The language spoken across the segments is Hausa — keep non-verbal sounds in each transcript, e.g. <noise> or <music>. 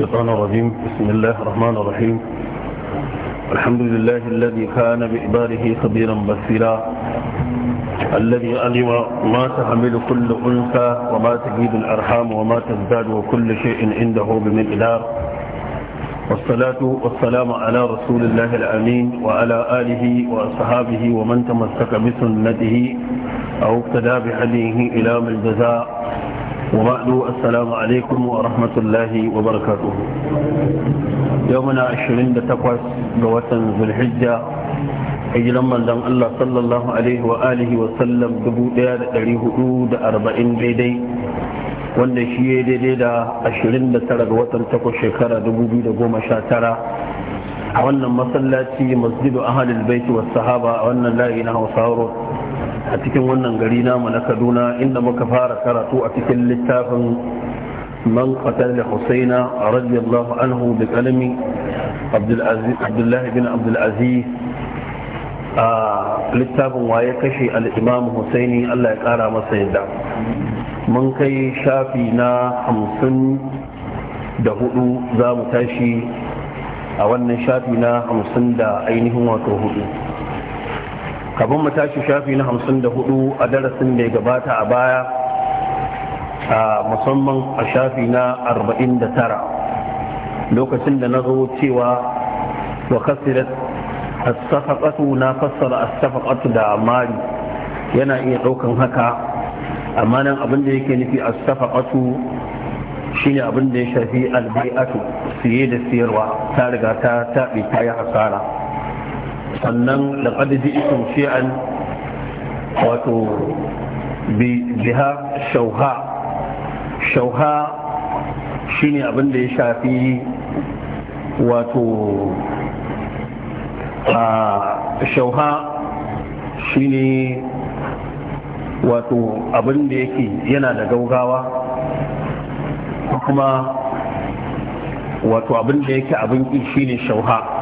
الشيطان الرجيم بسم الله الرحمن الرحيم الحمد لله الذي كان بإباره خبيرا بسيرا الذي علم ما تحمل كل أنثى وما تجيد الأرحام وما تزداد وكل شيء عنده بمقدار والصلاة والسلام على رسول الله الأمين وعلى آله وأصحابه ومن تمسك بسنته أو اقتدى بهديه إلى جزاء وبعد السلام عليكم ورحمة الله وبركاته يومنا عشرين بتقوص قوة ذو الحجة hijiran manzon Allah sallallahu alaihi wa alihi wa sallam 1440 daidai wanda shi ya daidai da 29 ga watan 8 sha tara, a wannan masallaci masjidu ahalul baiti wa sahaba a wannan layi na Hausa a cikin wannan gari namu na kaduna inda muka fara karatu a cikin littafin man قتل حسين رضي الله عنه بقلم عبد الله بن عبد A littafin waye kashe al'imam husaini allah ya kara masa yadda mun kai shafi na hamsin da hudu za mu tashi a wannan shafi na hamsin da ainihin wato hudu kafin mu tashi shafi na hamsin a darasin da gabata a baya a musamman a shafi na arba'in da tara lokacin da na zo cewa wa kasirat as na fassara as-safaqatu da mari yana iya daukan haka amma nan abin da yake nufi as-safaqatu shine abin da ya shafi al-bai'atu siye da siyarwa ta riga ta tabe ta yi hasara sannan da ƙadiji ikin shi'an wato biha shauha shauha shine abin da ya shafi wato a shauha shine wato abin da yake yana da gaugawa kuma wato abin da yake abin shi shine shauha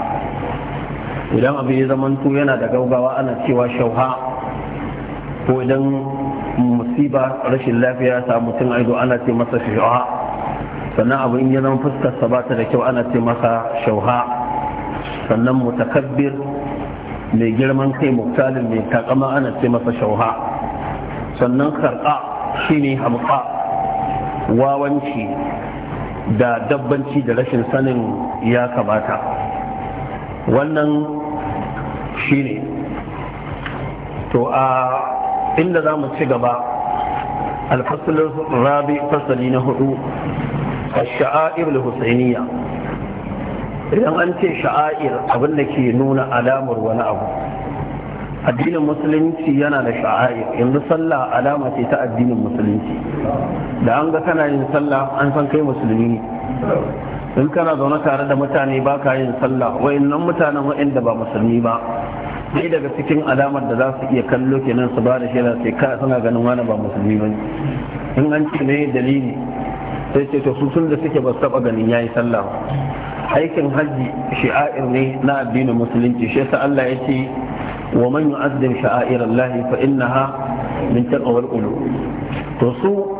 idan abu ya zamanto yana da gaugawa ana cewa shauha ko idan musiba rashin lafiya ta mutum aido ana ce masa shauha sannan abu in ya zama fuskarsa ba ta da kyau ana ce masa shauha sannan mutakabbir mai girman kai muktalin mai takama ana ce masa shauha sannan karɓa shine hamka wawanci da dabbanci da rashin sanin ya kamata wannan shine to a inda za mu ci gaba alfasalin rabi fasali na hudu a sha'a'ir husainiya idan an ce sha'a'ir abinda ke nuna alamar wani abu addinin musulunci yana da sha'a'ir yanzu sallah alama ce ta addinin musulunci da an ga kana yin sallah an san kai musulmi in kana zaune tare da mutane ba ka yin sallah wayannan mutanen wayanda ba musulmi ba sai daga cikin alamar da za su iya kallo kenan su ba da shaida sai ka suna ganin wani ba musulmi ba in an ce ne dalili sai ce to sun da suke ba su taba ganin yayi sallah aikin hajji shi'air ne na addinin musulunci shi yasa Allah ya ce wa man yu'azzim sha'air Allah fa innaha min taqwal to su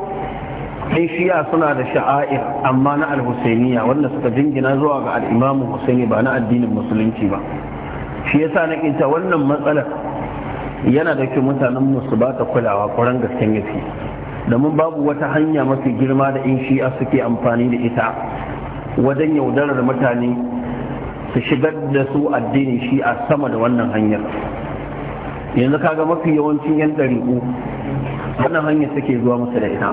dai shiya suna da sha'air amma na al-husainiya wanda suka jingina zuwa ga al-imamu ba na addinin musulunci ba shi yasa na kinta wannan matsalar yana da kyau mutanen musu ba ta kulawa kuran gasken gaske domin babu wata hanya mafi girma da in shi'a suke amfani da ita wajen yaudarar mutane su shigar da su addinin shi'a sama da wannan hanyar yanzu kaga mafi yawancin yan ɗari'u wannan hanyar suke zuwa musu da ita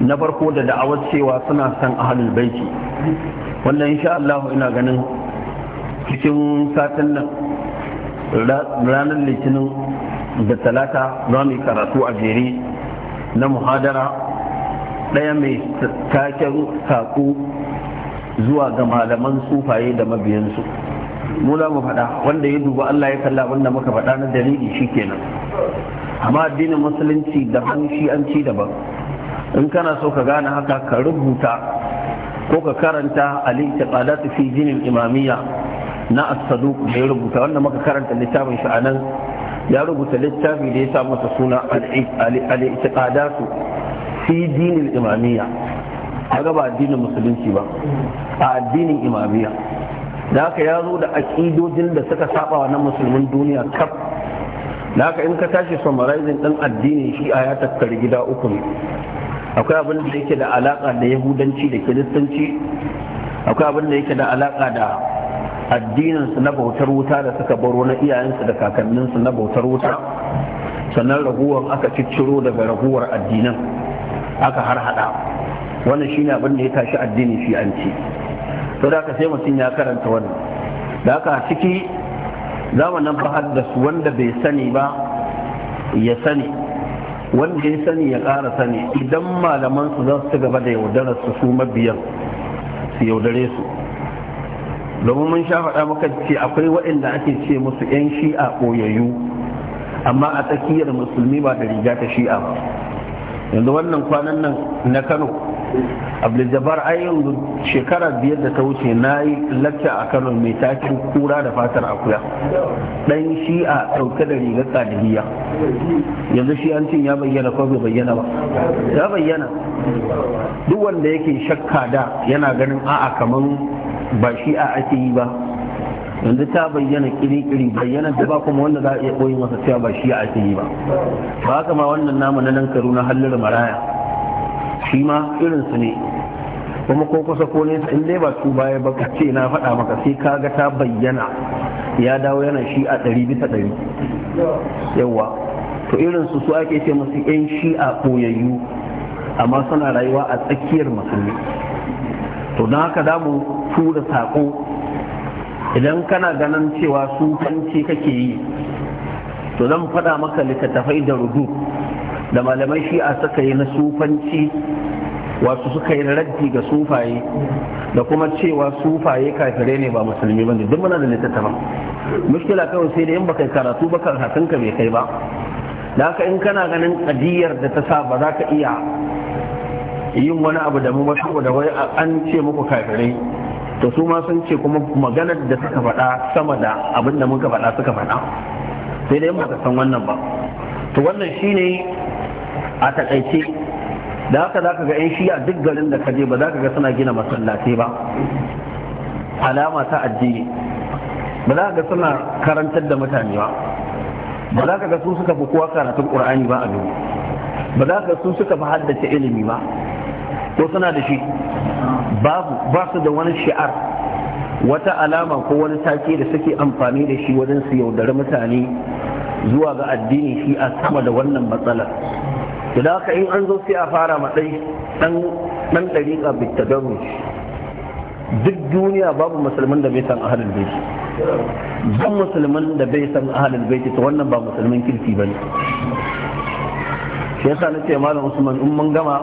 na farko da da'awar cewa suna son ahalul baiti wannan insha Allah ina ganin cikin satin nan ranar litinin da talata za mu karatu a jere na muhadara ɗaya mai taken saƙo zuwa ga malaman sufaye da mabiyansu mu za mu faɗa wanda ya duba Allah ya kalla wanda muka faɗa na dalili shikenan amma addinin musulunci da shi an ci daban in kana so ka gane haka ka rubuta ko ka karanta al-i'tiqadat fi din imamiya na asadu da ya rubuta wanda muka karanta littafin shi nan ya rubuta littafi da ya sa masa suna al-i'tiqadat fi din imamiya. imamiyya kaga ba addinin musulunci ba a addinin imamiya. da haka ya zo da aƙidojin da suka saba wa na musulmin duniya kaf da haka in ka tashi summarizing din addinin shi a ya tattari gida uku ne akwai abin da yake da alaka da yahudanci da kiristanci akwai abin da yake da alaka da addininsu na bautar wuta da suka baro na iyayensu da kakanninsu na bautar wuta sannan raguwar aka cicciro daga raguwar addinan aka har hada wannan shine abin da ya tashi addini shi an ce to da sai mutum ya karanta wannan da aka ciki zamanin fahad da su wanda bai sani ba ya sani wanda ya sani ya ƙara sani idan malaman su za su ci gaba da yaudarar su su mabiyan su yaudare su domin mun sha faɗa ce akwai waɗanda ake ce musu 'yan shi'a ɓoyayyu amma a tsakiyar musulmi ba da riga ta shi'a ba yanzu wannan kwanan nan na kano abdulljabbar ai yanzu shekara biyar da ta wuce na yi lakta a kano mai takin kura da fatar akuya dan shi a ɗauke da rigar ɗalibiya yanzu shi an cin ya bayyana ko bai bayyana ba ya bayyana duk wanda yake shakka da yana ganin a'a kaman ba shi a ake yi ba yanzu ta bayyana kiri-kiri bayyana da ba kuma wanda za a iya koyi masa cewa ba shi a ake yi ba ba haka ma wannan namu na nan karu na hallar maraya shi ma irinsu ne kuma ko kusa ko nesa in dai ba su baya ba ce na faɗa maka sai ka ga ta bayyana ya dawo yana shi a ɗari bisa ɗari yawa to irinsu su ake ce musu 'yan shi a ɓoyayyu amma suna rayuwa a tsakiyar musulmi to don haka za mu tura saƙo idan kana ganin cewa su sufanci kake yi to zan faɗa maka littattafai da rudu da malamai shi'a suka yi na sufanci wasu suka yi raddi ga sufaye da kuma cewa sufaye kafire ne ba musulmi ba duk muna da littattafan mushkila kawai sai da in baka karatu ba kan hakanka bai kai ba da haka in kana ganin kadiyar da ta sa ba za ka iya yin wani abu da mu ba saboda wai an ce muku kafire. to su ma sun ce kuma maganar da suka faɗa sama da abinda da muka faɗa suka faɗa sai da in baka san wannan ba to wannan shine a takaice da haka za ka ga 'yan shiya duk garin da ka je ba za ka ga suna gina masallatai ba alama ta addini ba za ka ga suna karantar da mutane ba ba za ka ga su suka fi kowa karatun ƙur'ani ba a dubu ba za ka ga su suka fi haddace ilimi ba ko suna da shi babu ba su da wani shi'ar wata alama ko wani take da suke amfani da shi wajen su yaudari mutane zuwa ga addini shi a sama da wannan matsalar to da haka in an zo sai a fara matsayi dan dan dariƙa bittadaru duk duniya babu musulman da bai san ahalul baiti ban musulman da bai san ahalul baiti to wannan ba musulmin kirki ba bane shi yasa ce malam Usman in mun gama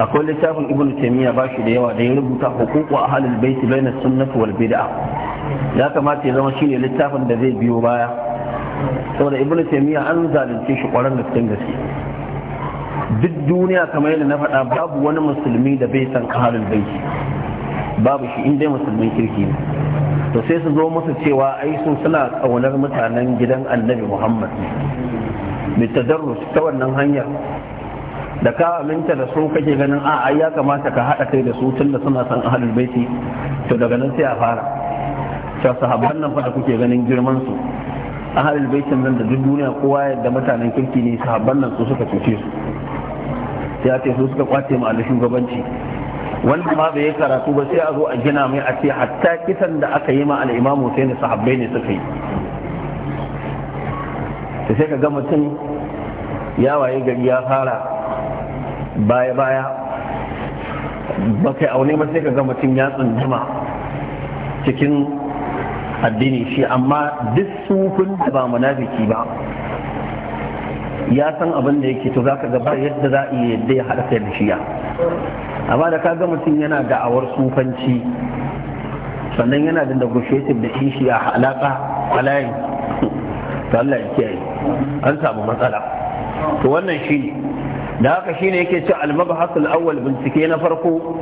akwai littafin Ibn Taymiyyah ba shi da yawa da ya rubuta hukuku ahalul baiti baina sunnati wal bid'a ya kamata ya zama shine littafin da zai biyo baya saboda Ibn Taymiyyah an zalunce shi kwaran gaske gaske duk duniya kamar yadda na faɗa babu wani musulmi da bai san ahalul baiti babu shi inda musulmin kirki ne to sai su zo musu cewa ai sun suna ƙaunar mutanen gidan annabi muhammad mai tadarru ta wannan hanyar da ka aminta da su kake ganin a ai ya kamata ka haɗa kai da su tun da suna san ahalul baiti to daga nan sai a fara ta sahabban nan fa da kuke ganin girman su ahalul baitin nan da duk duniya kowa da mutanen kirki ne sahabban nan su suka cuce su ya ce su suka kwace mu alli shugabanci wanda ma bai karatu ba sai a zo a gina mai a ce hatta kisan da aka yi ma al'imamu sai ne sahabbai ne suka yi ta sai ka ga mutum ya waye gari ya fara baya baya ba kai aune ba sai ka ga mutum ya tsunduma cikin addini shi amma duk sufin da ba munafiki ba ya san abin da yake to za ka gaba yadda za a yadda ya haɗa kai da shiya amma da kaga mutum yana da'awar sufanci sannan yana da negotiative da shi shiya alaƙa alayin to Allah ya kiyaye an samu matsala to wannan shi da haka shine yake cewa al-mabhath al-awwal bincike na farko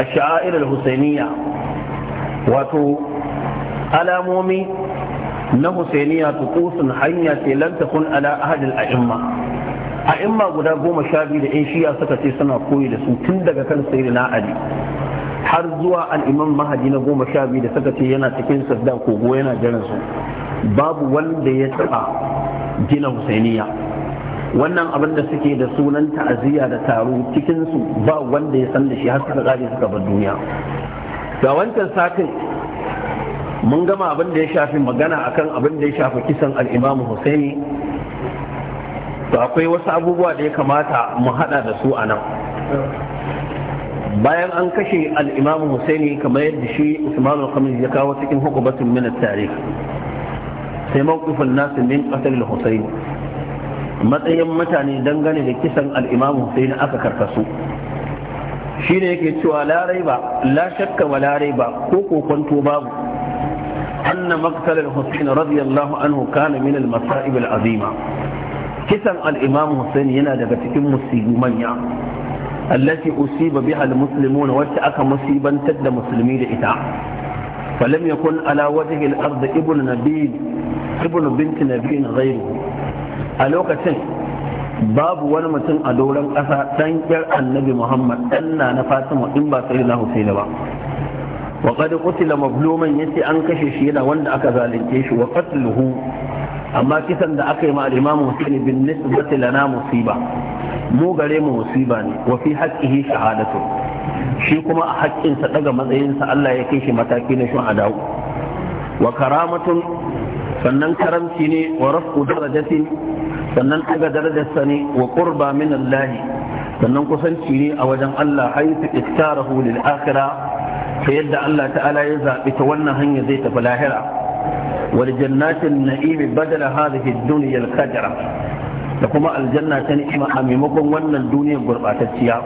ash-sha'air al-husainiyya wato alamomi na husainiya tuqusun hanya ce lan takun ala a'imma a'imma guda goma sha biyu da yan shi'a suka ce suna koyi da su tun daga kan na ali har zuwa al'imam mahadi na goma sha biyu da suka ce yana cikin sadda kogo yana jiran su babu wanda ya taba gina husainiya wannan abin da suke da sunan ta'aziyya da taro cikin su ba wanda ya san da shi har suka kare suka bar duniya ga wancan satin mun gama abin da ya shafi magana akan abin da ya shafi kisan al'imamu husaini to akwai wasu abubuwa da ya kamata mu hada da su a nan bayan an kashe al'imamu husaini kamar yadda shi usman al ya kawo cikin hukubatun min tarih sai mawqifin nasu min qatl husaini matsayin mutane dangane da kisan al'imamu husaini aka karkasu shine yake cewa larai ba la shakka wa larai ba ko kokonto babu أن مقتل الحسين رضي الله عنه كان من المصائب العظيمة كسن الإمام حسين ينادى بتكم مصيبة التي أصيب بها المسلمون وارتأك مصيبا تد مسلمين إتاع فلم يكن على وجه الأرض ابن نبي ابن بنت نبي غيره ألوكة باب ونمة أدولا أسا تنكر النبي محمد أن نفاتم إن با سيدنا حسين با wa qad qutila ya ce an kashe shi yana wanda aka zalunce shi wa qatluhu amma kisan da aka yi ma al-imam Husayn bin musiba mu gare mu musiba ne wa fi haqqihi shi kuma a haƙƙinsa daga matsayinsa Allah ya kai shi mataki na shuhada wa karamatun sannan karamci ne wa rafu darajatin sannan daga darajarsa ne wa qurba min Allah sannan kusanci ne a wajen Allah haythu iktarahu lil akira. ta yadda Allah ta'ala ya zaɓi ta wannan hanyar zai tafi lahira wal jannatin na'imi badala hadhihi ad-dunya al da kuma aljanna ta ni'ima a maimakon wannan duniyar gurbatacciya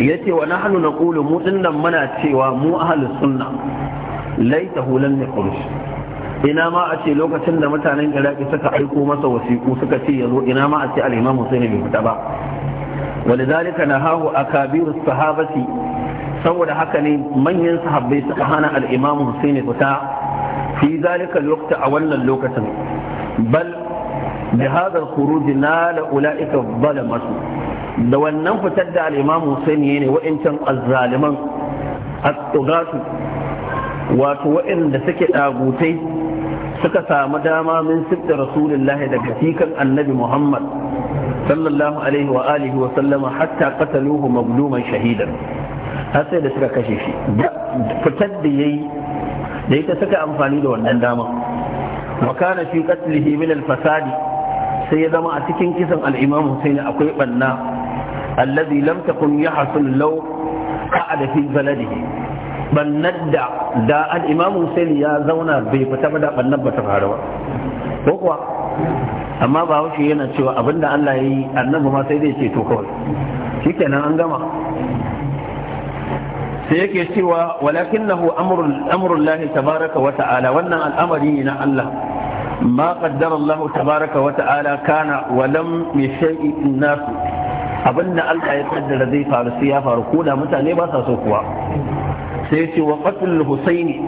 yace wa nahnu naqulu mu dinnan muna cewa mu ahlus sunna laitahu lam yakhruj ina ma a ce lokacin da mutanen iraki suka aiko masa wasiƙu suka ce ya zo ina ma a ce al'imam na bai fita ba ولذلك نهاه أكابر الصحابة saboda haka ne manyan sahabbai suka hana al-Imam Hussein fita fi zalika lokta a wannan lokacin bal da hadar kuruji na da ula'ika bala masu da wannan fitar da Al'imam imam Hussein ne wa'incan azzaliman a tugatu wato wa'inda suke dagutai suka samu dama min sibta rasulullahi daga fikan annabi Muhammad sallallahu alaihi wa alihi wa sallama hatta qataluhu magluman shahidan har sai da suka kashe shi fitar da yayi da ita suka amfani da wannan dama wa fi qatlihi min al-fasadi sai ya zama a cikin kisan al-imam Hussein akwai banna allazi lam takun yahsul law qa'ada fi baladihi bannar da da al-imam Hussein ya zauna bai fita ba da bannar ba ta faru ba ko kuwa amma ba yana cewa abinda Allah ya yi annabi ma sai zai ce to kawai shikenan an gama sai yake cewa walakin nahu Amurin lahi tabaraka wa wannan al'amari ne na Allah ma qaddara Allah tabaraka wata'ala ta'ala kana mai lam yashai nasu. abinda Allah ya kaddara zai faru sai ya faru ko da mutane ba sa so kuwa sai ce wa qatl husaini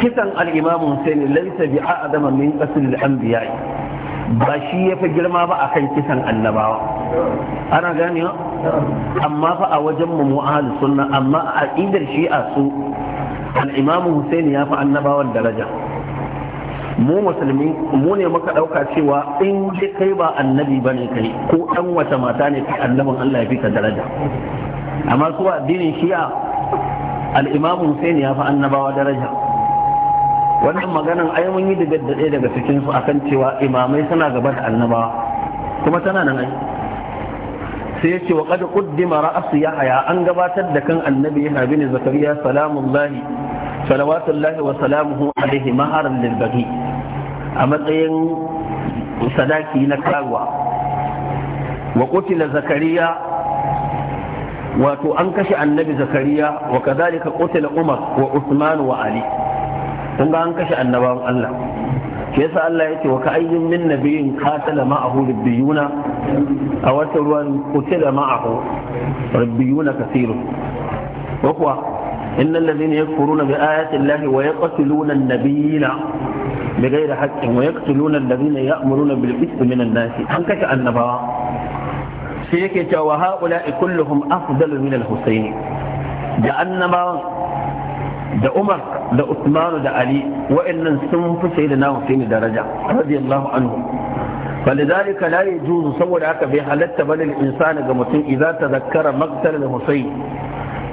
kisan al-imam husaini laysa bi'a'dama min qatl al-anbiya'i ba shi ya fi girma ba a kan kisan annabawa ana gane amma fa a wajen mu mu'ahal sunna amma a idar shi'a su al'imamu husaini ya fi annabawan daraja mu musulmi mu ne muka ɗauka cewa in dai kai ba annabi ba ne kai ko ɗan wata mata ne kai annabin Allah ya fi ka daraja amma su addinin shi'a al'imamu husaini ya fi annabawa daraja wannan maganan ai mun yi daga ɗaya daga cikin su akan cewa imamai suna gaba da annaba kuma tana nan ai sai ya ce wa qad qaddima ra'su yahya an gabatar da kan annabi yahya bin zakariya salamullahi salawatullahi wa salamuhu alaihi maharan lil baqi a matsayin sadaki na karuwa wa qutila zakariya wato an kashe annabi zakariya wa kadhalika qutila umar wa usman wa ali Tun ga an kashe annabawan Allah shi yasa Allah ce wa ka'ayyin min nabiyyin qatala ma'ahu rabbiyuna a wata ruwan qutila ma'ahu rabbiyuna kathirun wa kuwa innal ladhina yakfuruna bi ayati llahi wa yaqtuluna an-nabiyina بغير حق ويقتلون الذين يأمرون بالقسط من الناس أنكك النبوة سيكي وهؤلاء كلهم أفضل من الحسين جاء النبوة da Umar da Usman da Ali wa'annan sun fi na Husaini daraja radiyallahu anhu فلذلك لا يجوز saboda haka bai halatta bane insani ga mutum idza tazakkara maqtal al-husayn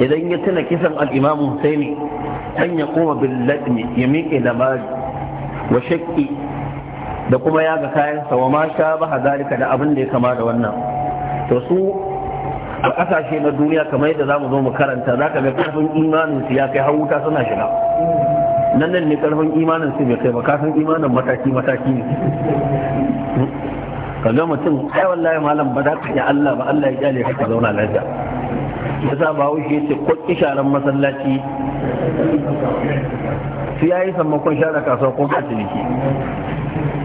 idan ya tuna kisan al-imam husaini an ya koma bil ladmi ya miƙe labari wa da kuma yaga kayansa wa ma sha ba zalika da abin da ya kama da wannan to su a kasashe na duniya kamar yadda za mu zo mu karanta za ka ga karfin imanin su ya kai har wuta suna shiga nan nan ne karfin imanin su bai kai ba kasan imanin mataki mataki ne ka ga mutum ai wallahi malam ba za ka ji Allah ba Allah ya kyale ka zauna lafiya ya sa ba wuce ce ko isharen masallaci su ya yi sammakon share kasuwa ko ka ciniki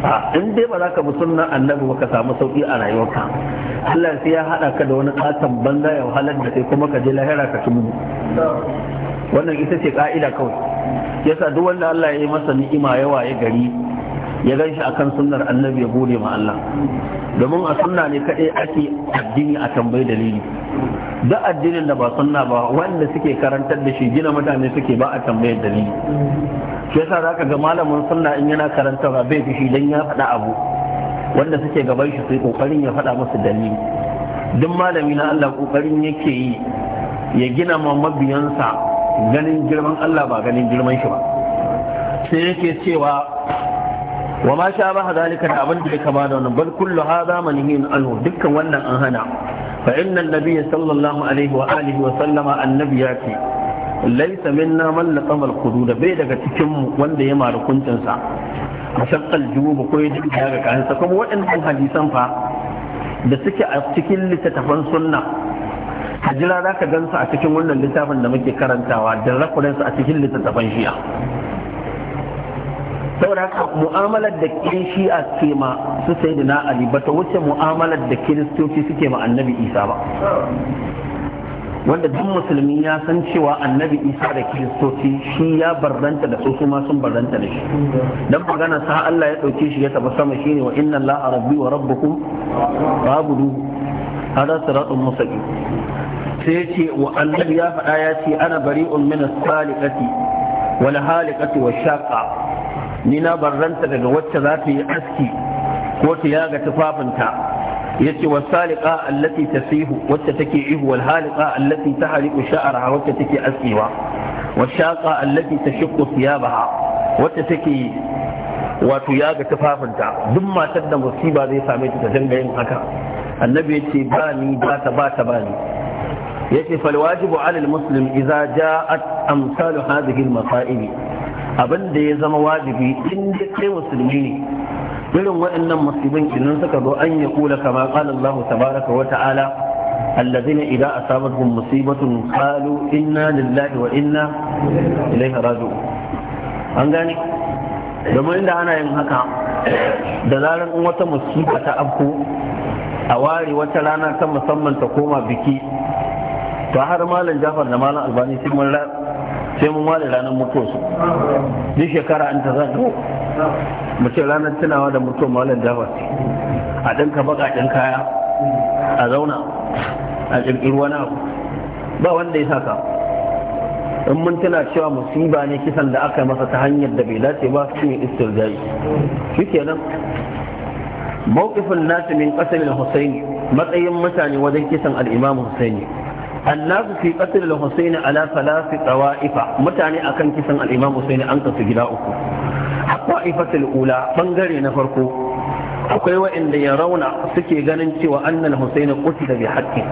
a in dai ba za ka bi sunnan annabi ka samu sauki a rayuwarka Allah sai ya haɗa ka da wani katon banza ya wahalar da sai kuma ka je lahira ka ci wannan ita ce ka'ida kawai yasa duk wanda Allah ya yi masa ni'ima yawa ya gari ya gan shi akan sunnar annabi ya gode ma Allah domin a sunna ne kaɗai ake addini a tambayi dalili duk addinin da ba sunna ba wanda suke karantar da shi gina mutane suke ba a tambayar da dalili shi yasa zaka ga malamin sunna in yana karanta ba bai shi dan ya faɗa abu wanda suke gaban shi sai kokarin ya faɗa musu dalili duk malami na Allah kokarin yake yi ya gina ma mabiyansa ganin girman Allah ba ganin girman shi ba sai yake cewa wa ma sha ba hadalika da abin da ya kama da wannan bal kullu hadha manihin anhu dukkan wannan an hana فإن النبي صلى الله عليه وآله وسلم النبي ياتي ليس منا من لقم القدود بيدك تكم وند يما ركنت انسا مشق الجوب كوي دغه kan sa kuma waɗannan hadisan fa da suke a cikin littattafan sunna hajira zaka gansu a cikin wannan littafin da muke karantawa da rakuransu a cikin littattafan shi'a saboda haka mu'amalar da kin shi'a ke ma su sai da na ali bata wuce mu'amalar da kiristoci suke ma annabi isa ba wanda duk musulmi ya san cewa annabi isa da kiristoci shi ya barranta da su ma sun barranta da shi dan magana sa Allah ya dauke shi ya taba sama shine wa inna allaha rabbi wa rabbukum fa'budu hada siratun mustaqim sai ce wa annabi ya faɗa ya ce ana bari'un min as-salikati wal halikati wash-shaqa ni na barranta daga wacce za ta yi aski ko ta yaga tufafinta Ya ce yace wasaliqa allati tasihu wacce take ihu wal haliqa allati tahriqu sha'raha wacce take askewa washaqa allati tashaqqu thiyabaha wacce take wato yaga tufafinta duk matar da musiba zai same ta danga yin haka annabi ya ce ba ni ba ta ba ta ba ni Ya يأتي فالواجب على المسلم إذا جاءت أمثال هذه المصائب abin da ya zama wajibi in da kai musulmi ne irin waɗannan musibin idan suka zo an yi kula kama qala Allah tabaraka wa ta'ala الذين إذا أصابتهم مصيبة قالوا إنا لله وإنا إليه راجعون an gane domin da ana yin haka da zarar in wata musiba ta afko a ware wata rana ta musamman ta koma biki to har malam jafar da malam albani sun mun sai mun ware ranar mutuwarsu duk shekara an ta zaga mu ce ranar tunawa da mutuwar malam jawa a ɗinka baƙaƙen kaya a zauna a ƙirƙiri wani abu ba wanda ya saka in mun tuna cewa musiba ne kisan da aka masa ta hanyar da bai dace ba su ne istirjai shi kenan mawqifin nasu min qasam al-husayn matsayin mutane wajen kisan al husaini annasu fi qatl al-husayn ala thalath tawa'ifa mutane akan kisan al-imam husayn an kasu gida uku tawa'ifatul bangare na farko akwai wa'anda ya rauna suke ganin cewa annal husayn qutila bi haqqi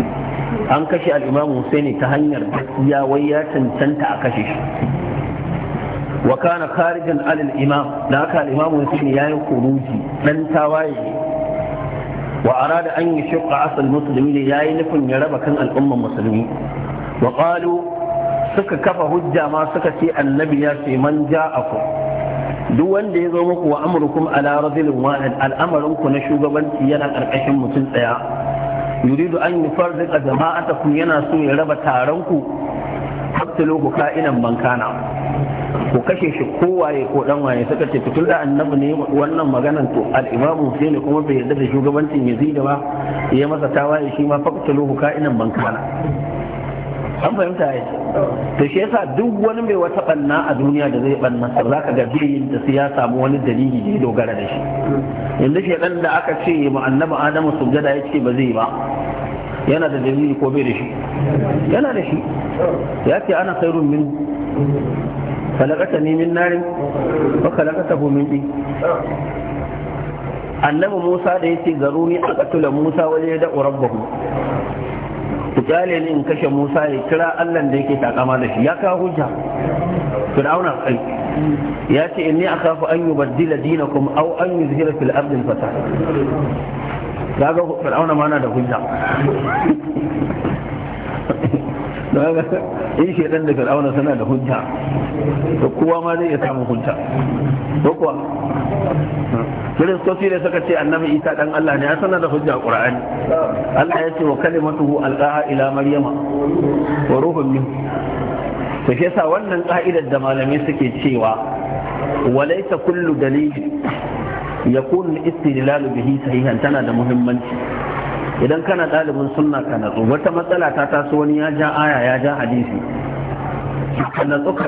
an kashe al-imam ta hanyar gaskiya wai ya cancanta a kashe shi wa kana kharijan al-imam da haka al-imam husayn yayi khuruji dan tawaye وأراد أن يشق عصى المسلمين يا يلفن يربك الأمة المسلمين وقالوا سك كف هجة ما سكت النبي يا من جاءكم duk wanda ya zo muku wa amurkum ala rajulin wahid na shugabanci yana karkashin mutum tsaya yuridu an yufarriqa jama'atakum yana so ya raba taron ku hatta ka'inan bankana Ko kashe shi ko waye ko dan waye suka ce fitul da annabi ne wannan maganan to al sai ne kuma bai yarda da shugabancin Yazid ba ya masa tawaye shi ma faqtuluhu ka'inan kana an fahimta ai to shi yasa duk wani mai wata banna a duniya da zai banna sai zaka ga biyin da sai ya samu wani dalili da ya dogara da shi yanzu dan da aka ce mu annabi Adamu sujada yake ba zai ba yana da dalili ko bai da shi yana da shi ya ce ana khairun min khalaqatani min narin wa khalaqatahu min tin annabi Musa da ya yace zaruni aqtula Musa wa yada rabbahu ku kyale ni in kashe Musa ya kira Allah da yake takama da shi ya kawo hujja Fir'auna kai ya ce inni akhafu an yubaddila dinakum aw an yuzhira fil ardi fasad kaga Fir'auna ma na da hujja in shaidan da fir'auna suna da hujja to kowa ma zai iya samun hujja ko kuwa kiristoci da suka ce annabi isa dan Allah ne ya sanar da hujja qur'ani Allah ya ce wa kalimatuhu alqaha ila maryama wa ruhun min to shi yasa wannan ka'idar da malamai suke cewa walaysa kullu dalil yakun istidlalu bihi sahihan tana da muhimmanci idan kana ɗalibin sunna ka natsu wata matsala ta taso wani ya ja aya ya ja hadisi ka natsu ka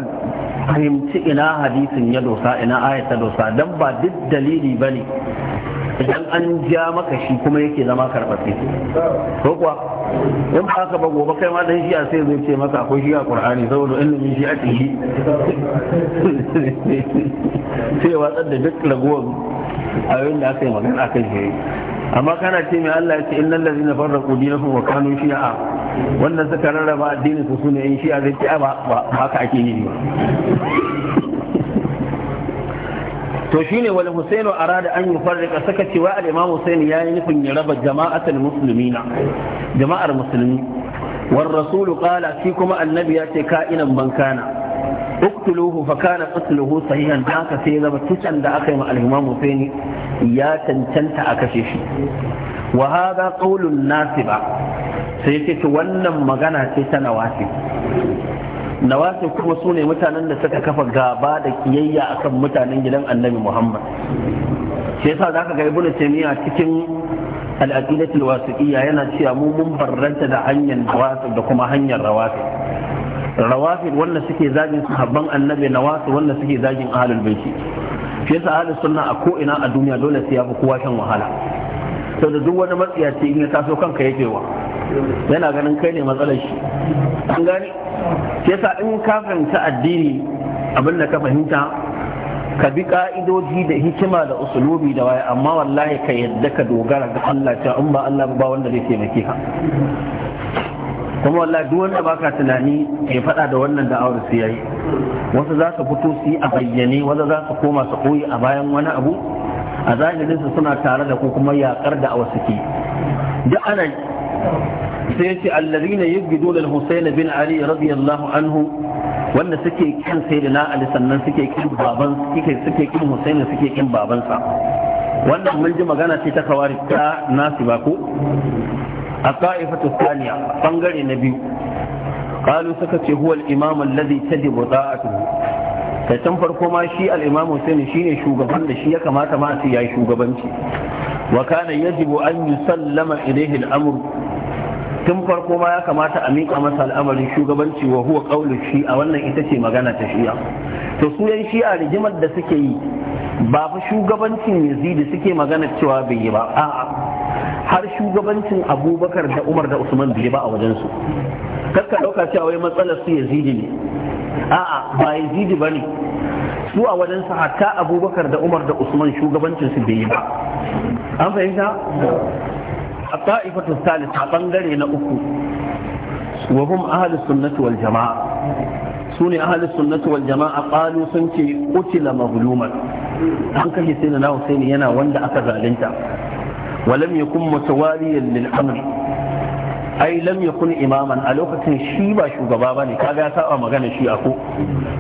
fahimci ina hadisin ya dosa ina aya ta dosa dan ba duk dalili bane idan an ja maka shi kuma yake zama karɓaɓɓe ko kuwa in ba ka ba gobe kai ma dan shi'a sai zai ce maka akwai shi'a qur'ani saboda ilimin shi'a tihi <laughs> sai watsar da duk ragowar ayoyin da aka yi magana akan shi amma kana ce mai Allah ya ce innal ladzina farraqu dinahum wa kanu shi'a wannan suka rarraba addinin su sune yin shi'a zai ce ba haka ake yi ba to shine wal husainu arada an yufarrika saka ce wa al imam husaini yayi nufin ya raba jama'atul muslimina jama'ar musulmi war rasulu qala shi kuma annabi ya ce ka'inan bankana uktuluhu fa kana qatluhu sahihan da haka sai zama kisan da aka yi ma al-Imam Husaini ya cancanta a kashe shi wa hadha qawlun nasiba sai ce wannan magana ce ta nawasi nawasi kuma su ne mutanen da suka kafa gaba da kiyayya akan mutanen gidan Annabi Muhammad shi yasa zaka ga Ibn Taymiyyah cikin al-aqidatul wasiqiyya yana cewa mu mun barranta da hanyar nawasi da kuma hanyar rawasi rawafid wanda suke zagin sahabban annabi nawasu wanda suke zagin ahlul baiti shi yasa ahlus sunna a ko ina a duniya dole sai ya fi kowa shan wahala to da duk wani matsiyaci in ya taso kanka yake wa yana ganin kai ne matsalar shi an gani shi yasa in ka fahimta addini abin da ka fahimta ka bi ka'idoji da hikima da usulubi da waya amma wallahi ka yadda ka dogara ga Allah ta in ba Allah ba wanda zai taimake ka kuma wallahi duk wanda baka tunani ya faɗa da wannan da aure su yayi wasu za su fito su yi a bayyane wasu za su koma su koyi a bayan wani abu a zahirin su suna tare da ku kuma kar da awa suke duk ana sai ce allazina yubgidu lil husayn bin ali radiyallahu anhu wanda suke kin sayyidina ali sannan suke kin baban suke suke kin husayn suke kin babansa wannan mun ji magana ce ta kawari ta nasiba ko الطائفة الثانية بنغري نبي قالوا سكت هو الإمام الذي تجب طاعته فتن فرقو ما شيء الإمام حسين شيء شوغبان شيء كما shugabanci. سي شوغبان وكان يجب أن يسلم إليه الأمر tun farko ma ya kamata a miƙa masa al'amarin shugabanci wa huwa ƙaunar a wannan ita ce magana ta shi'a to su yan shi'a rigimar da suke yi ba fa shugabancin yazidi suke magana cewa bai yi ba a'a har shugabancin abubakar da umar da usman bai ba a wajensu kakka ɗauka cewa wai matsalar su yazidi ne a'a ba yazidi ba ne su a wajensu hatta abubakar da umar da usman shugabancin su bai yi ba an fahimta a ta'ifatu salis a bangare na uku wa hum ahlus sunnati wal jama'a sune ahlus sunnati wal jama'a qalu sun ce qutila maghluman an kashe sai na Husaini yana wanda aka zalunta ولم يكن متواليا للأمر ai lam yakun imaman a lokacin shi ba shugaba bane kaga ya saba magana shi ako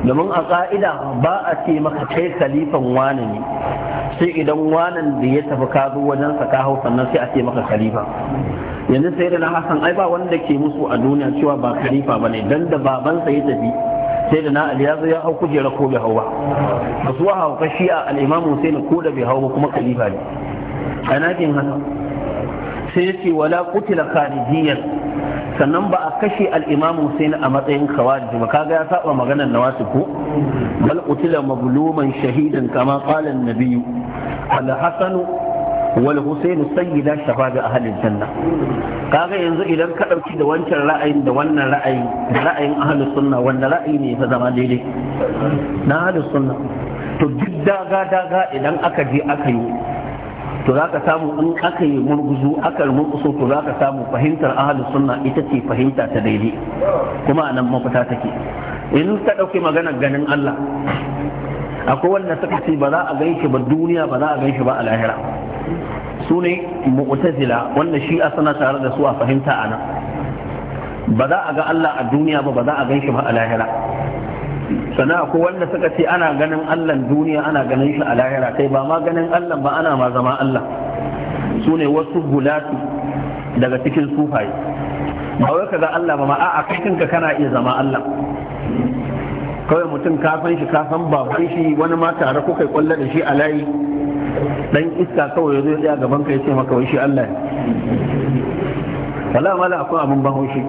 domin a ka'ida ba a ce maka kai khalifan wani ne sai idan wanan da ya tafi ka zo wajen sa ka hau sannan sai a ce maka khalifa yanzu sai da na hasan ai ba wanda ke musu a duniya cewa ba khalifa bane dan da babansa ya tafi sai da na ali ya zo ya hau kujera ko bai hau ba ba su hau kashi a al-imamu sai ko da bai hau ba kuma khalifa ne ana jin haka sai ce wala kutila kharijiyan sannan ba a kashe al-imamu Hussein a matsayin khawarij ba kaga ya saba maganar nawasu ko bal kutila mabluman shahidan kama qala an-nabiy al-hasan wal Hussein sayyida shafa'a ahli janna kaga yanzu idan ka dauki da wancan ra'ayin da wannan ra'ayi da ra'ayin ahli sunna wanda ra'ayi ne fa zama daidai na ahli sunna to duk daga daga idan aka je aka yi to za ka samu in aka yi murguzu aka yi murguzu to za ka samu fahimtar ahalu sunna ita ce fahimta ta daidai kuma a nan mafita take in ta ɗauki maganar ganin Allah akwai wanda suka ce ba za a gan shi ba duniya ba za a gan shi ba a lahira su ne mu'tazila wanda shi a sana tare da su a fahimta a nan ba za a ga Allah a duniya ba ba za a gan shi ba a lahira sana ko wanda suka ce ana ganin Allah duniya ana ganin shi a lahira kai ba ma ganin Allah ba ana ma zama Allah su wasu gulatu daga cikin sufaye ba wai ka ga Allah ba ma a'a kai kana iya zama Allah kawai mutum ka san shi ka san baban shi wani ma tare ko kai kwalla da shi a layi dan iska kawai ya zo ya gaban ka ya ce maka wai shi Allah ne wala mala akwai abin ban shi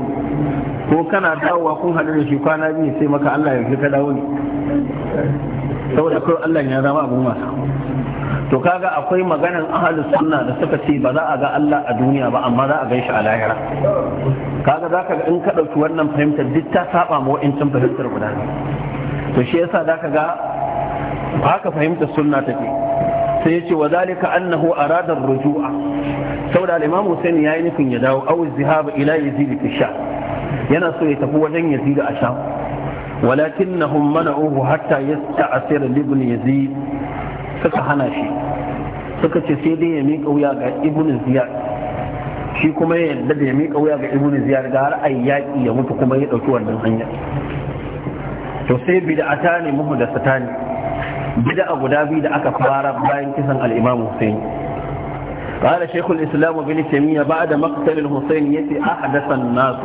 ko kana dawowa kun haɗu da shi kwana biyu sai maka Allah ya ka dawo ne saboda kawai Allah ya zama abu masu to kaga akwai maganan ahalus sunna da suka ce ba za a ga Allah a duniya ba amma za a gan shi a lahira kaga zaka ga in ka ɗauki wannan fahimtar duk ta saba ma wa'incin fahimtar guda to shi yasa zaka ga ba ka fahimtar sunna take sai ya ce wa zalika annahu arada ar-ruju'a saboda al-imam ya yayi nufin ya dawo aw zihaba ila yazid fi fisha. yana so ya tafi wajen yazid a sham hummana uhu hatta yasta'sir ibn yazid suka hana shi suka ce sai dai ya miƙa wuya ga ibn ziyad shi kuma ya yarda da ya miƙa wuya ga ibn ziyad ga har ya mutu kuma ya ɗauki wannan hanya to sai bid'ata ne muhdathata ne bid'a guda biyu da aka fara bayan kisan al-imam Hussein قال شيخ الإسلام بن تيمية بعد مقتل الحسين يتي أحدث الناس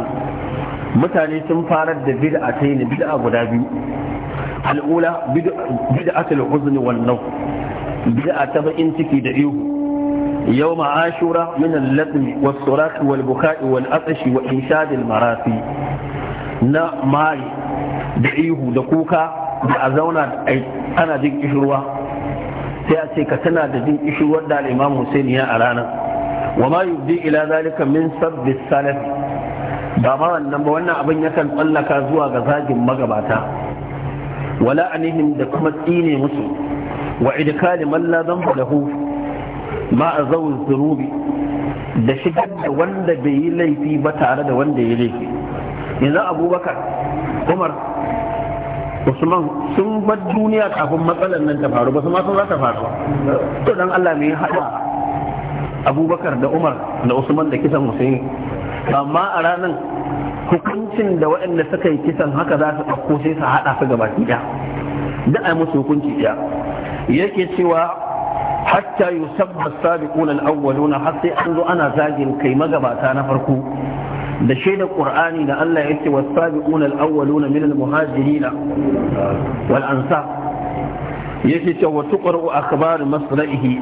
متاني سنفارد بدعتين بدعة غدابي الأولى بدعة الحزن والنوم بدعة تبئن تكي دعيوه يوم عاشوراء من اللثم والصراخ والبكاء والعطش وإنشاد المراسي na mari da ihu da kuka da a zauna ana jin kishirwa sai a ce ka tana da jin ishi wadda al'imam Hussein ya a ranar wa ma yubdi ila zalika min sabbis salaf ba ma wannan ba wannan abin yakan tsallaka zuwa ga zagin magabata wala anihim da kuma tsine musu wa idkali man la dhanba lahu ma azawul dhunubi da shigar da wanda bai yi laifi ba tare da wanda ya laifi yanzu abubakar umar usman sun bar duniya kafin matsalar nan ta faru ba su ma za ta faru to dan Allah mai hada abubakar da umar da usman da kisan musayin amma a ranar hukuncin da waɗanda suka yi kisan haka za su ɗauko sai su haɗa su gaba ɗaya da a musu hukunci ɗaya yake cewa hatta yusabba sabiquna al-awwaluna har sai an zo ana zagin kai magabata na farko da shaidar qur'ani da Allah yake wasabiquna al-awwaluna min al ce wal ansar yake cewa tuqra'u masu masra'ihi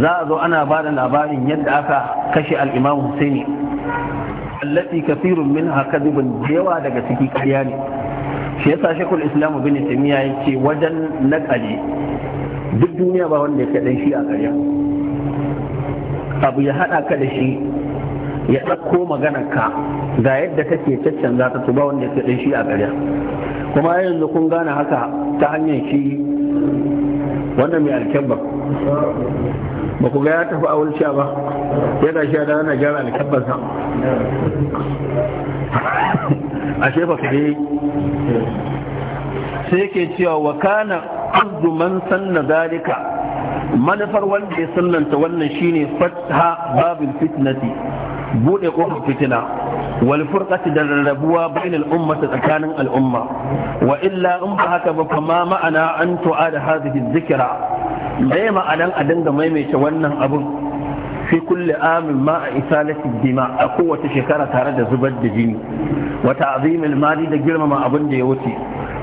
za a zo ana ba da labarin yadda aka kashe alimam imam Husaini allati min haka kadhibun yawa daga ciki kariya ne shi yasa shekul islam bin tamiya ce wajen nakali duk duniya ba wanda ya kaɗan shi a ƙarya abu ya haɗa ka da shi ya ɗauko maganar ka ga yadda kake caccan za ta tuba wanda ke ɗin shi a ƙarya kuma yanzu kun gane haka ta hanyar shi wannan mai alkyabba ba ku ga ya tafi a wulciya ba yana shi da yana gyara alkyabbansa a <laughs> shefa kare sai ke cewa wa kana arzu man sanna zalika manufar wanda ya sallanta wannan shine fatha babin fitnati bude kofar fitina wal furqati da rarrabuwa bainal ummati tsakanin al'umma wa illa in ba haka ba kuma ma'ana an tu'ada hadhihi dhikra dai ma'anan a dinga maimaita wannan abun fi kulli amin ma a isalati dima a kowace shekara tare da zubar da jini wa ta'zimil mali da girmama abin da ya wuce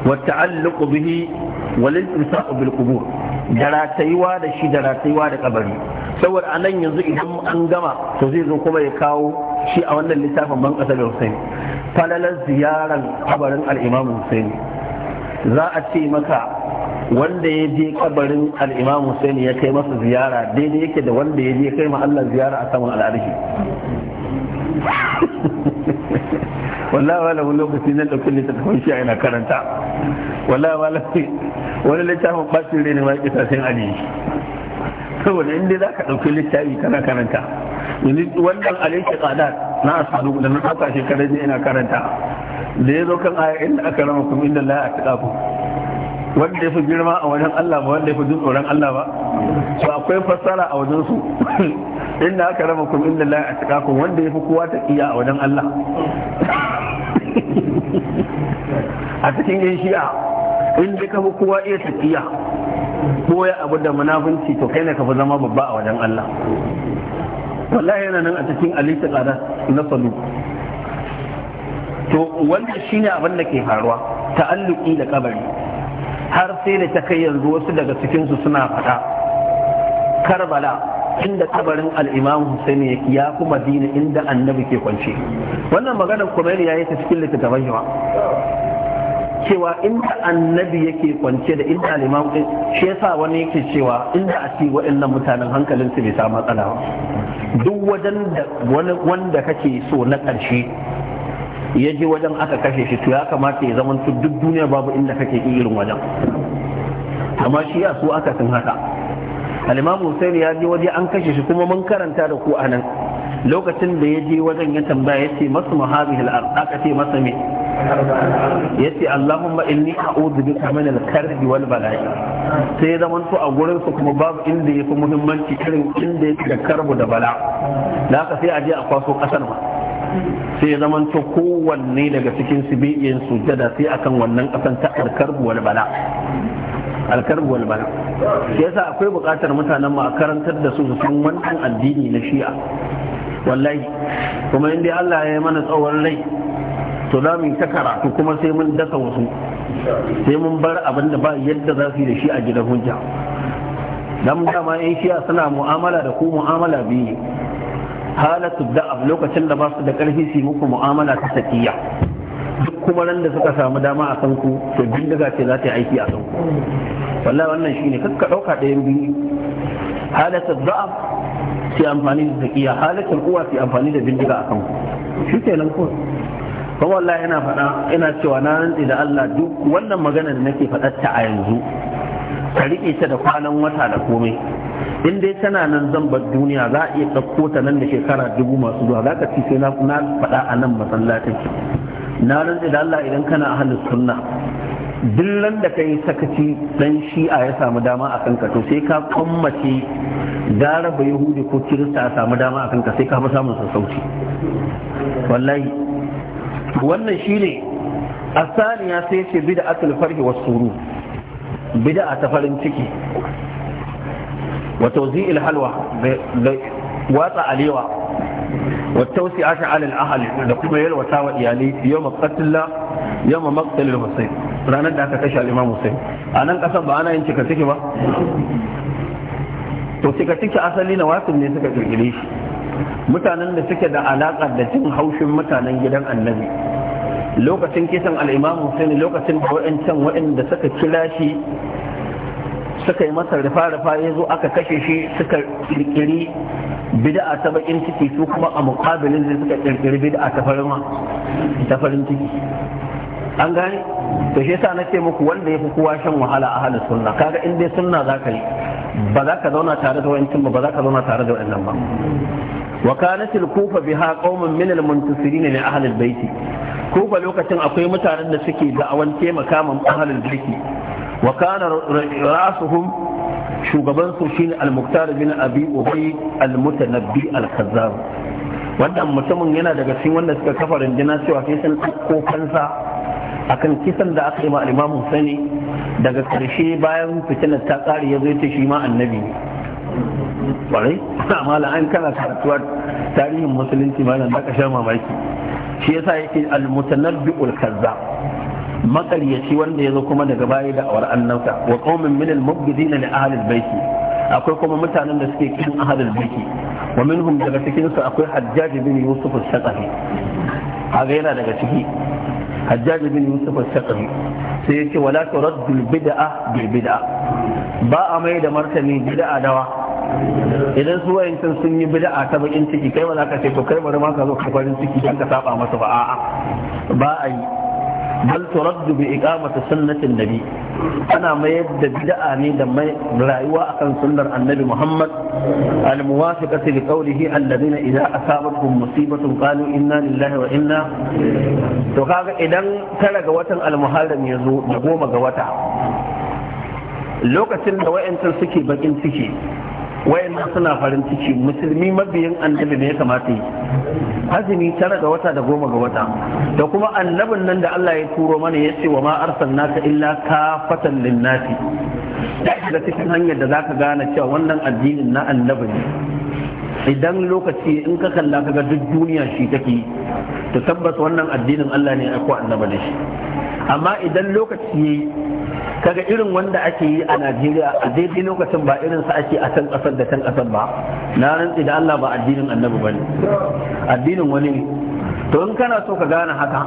wa ta'alluqu bihi wal iltisaqu bil qubur da ratayuwa da shi da ratayuwa da kabari saboda anan yanzu idan an gama to zai zo kuma ya kawo shi a wannan littafin ban kasar Hussein falalar ziyaran kabarin al-Imam Hussein za a ce maka wanda ya je kabarin al-Imam Hussein ya kai masa ziyara daidai yake da wanda ya je kai ma Allah ziyara a saman al'arshi <laughs> wallahi wala wani lokaci na ɗauki littattafan shi yana karanta wallahi wala wani littafin ɓacin rai ne ma ya ƙi sasin ajiye saboda inda za ka ɗauki littafi kana karanta wannan alaiki tsadar na asadu da na ɗauka shekarar ina karanta da ya zo kan aya inda aka rama kuma inda la a taɗa wanda ya fi girma a wajen Allah ba wanda ya fi jin tsoron Allah ba to akwai fassara a wajen su <laughs> inda aka rama kuma inda la a taɗa wanda ya fi kowa ta iya a wajen Allah <laughs> a cikin yan shi'a inda ka fi kowa iya tafiya Koya abu da munafunci to kai ne ka fi zama babba a wajen Allah wallahi yana nan a cikin alita tsada na salu to wanda shine abin da ke faruwa ta'alluki da kabari har sai da ta kai yanzu wasu daga cikin su suna fada karbala inda kabarin al-imam husaini ya kuma madina inda annabi ke kwance wannan maganar kuma yi ta cikin littattafan jama'a cewa inda annabi yake kwance da inda aliman shi ya sa wani yake cewa inda a ci waɗannan mutanen hankalin su bai sa matsala ba duk wajen da wanda kake so na ƙarshe ya je wajen aka kashe shi to ya kamata ya zama duk duniya babu inda kake irin wajen amma shi ya so aka sun haka al-imam ya je waje an kashe shi kuma mun karanta da ku anan lokacin da ya je wajen ya tambaya ya ce masu muhabihil aka ce masa me Ya yace Allahumma inni a'udhu bika min al-karbi wal bala'i sai ya zama a gurin su kuma babu inda yafi muhimmanci irin inda yake da karbu da bala da haka sai a je a kwaso kasar ma sai zama to kowanne daga cikin su bai yin sujada sai akan wannan kasan ta al-karbu wal bala al-karbu wal bala yasa akwai buƙatar mutanen mu a karantar da su su san wannan addini na Shi'a wallahi kuma inda Allah ya yi mana tsawon rai to za mu yi ta karatu kuma sai mun dasa wasu sai mun bar abin da ba yadda za su yi da shi a gidan hujja dan dama yan shiya suna mu'amala da ku mu'amala biyu halatu da'af lokacin da ba su da karfi su muku mu'amala ta sakiya duk kuma ran da suka samu dama a san ku to bindiga ce za ta yi aiki a san ku wallahi wannan ne kakka ɗauka ɗayan biyu halatu da'af sai amfani da sakiya halatu kuwa sai amfani da bindiga a kan ku shi kenan kawai kuma wallahi ina faɗa ina cewa na rantsi da Allah duk wannan magana da nake faɗa ta a yanzu ka riƙe ta da kwanan wata da komai in dai tana nan zan bar duniya za a iya ɗauko ta nan da shekara dubu masu zuwa za ka ci sai na faɗa a nan masallacin na rantsi da Allah idan kana ahli sunna dillan da kai sakaci dan shi'a ya samu dama a kanka to sai ka kwammace gara ba yahudi ko kirista a samu dama a kanka sai ka fi samun sassauci wallahi wannan shi ne a Saniya sai ce bida atul farhi wasu suru bida ta farin ciki wa tawzi'il halwa da watsa alewa wa tawsi'a ala al ahli da kuma yalwata wa iyali yawm qatla yawm maqtal al husayn ranar da aka kashe al imam a nan kasan ba ana yin cika ciki ba to cika ciki asali na wasin ne suka kirkire shi mutanen da suke da alaƙa da jin haushin mutanen gidan annabi lokacin kisan al'imamu sai lokacin da wa'ancan wa'anda suka kila shi suka yi masa rufa-rufa ya zo aka kashe shi suka kirkiri bid'a ta bakin ciki su kuma a mukabilin zai suka kirkiri bid'a ta farin ta farin ciki an gane to shi yasa ce muku wanda ya fi kowa shan wahala a halin sunna kaga in dai sunna ka yi ba za ka zauna tare da wayancin ba ba za ka zauna tare da wayannan ba وكانت الكوفة بها قوم من المنتصرين لأهل البيت كوفة لوكة أقوي متعرض سكي دعوان كيما كاما أهل البيت وكان رأسهم شوغبان سوشين المختار بن أبي أبي المتنبي الكذاب wannan mutumin yana daga cikin wanda suka kafa rundina cewa sai sun ɗauko kansa akan kisan da aka yi ma al sani, daga ƙarshe bayan fitinar ta ƙare ya zo ya shi ma annabi kwarai sa <laughs> malam kana tarihin musulunci malam da kasha mamaki shi yasa yake al-mutanabbi'ul kazzab makaryaci wanda ya zo kuma daga baya da awar annabta wa qaumin min al-mubghidin li ahli al-baiti akwai kuma mutanen da suke kin ahli al-baiti wa minhum daga cikin su akwai hajjaj bin yusuf al-shaqafi Haga yana daga ciki hajjaj bin yusuf al-shaqafi sai yace wala turaddu al-bid'a bil bid'a ba a mai da martani bid'a dawa idan su wayancan sun yi bid'a ta bakin ciki kai ba za ka ce to kai bari ma ka zo farin ciki dan ka saba masa ba a'a ba a yi bal turaddu bi iqamati sunnatin nabi ana mayar da bid'a ne da mai rayuwa akan sunnar annabi Muhammad al muwafiqati li qawlihi alladhina idza asabatkum musibatun qalu inna lillahi wa inna to kaga idan tara ga watan al muharram yazo da goma ga wata lokacin da wayancan suke bakin ciki wayannan suna farin ciki musulmi mabiyin annabi ne ya kamata yi azumi tara ga wata da goma ga wata da kuma annabin nan da Allah ya turo mana ya ce wa ma ka illa kafatan linnasi da cikin hanyar da zaka gane cewa wannan addinin na annabi ne idan lokaci in ka kalla ka ga duk duniya shi take to tabbas wannan addinin Allah ne ya ko annabi ne shi amma idan lokaci kaga irin wanda ake yi a Najeriya a daidai lokacin ba irin sa ake a can kasar da can kasar ba na rantsi da Allah ba addinin annabi bane addinin wani ne to in kana so ka gane haka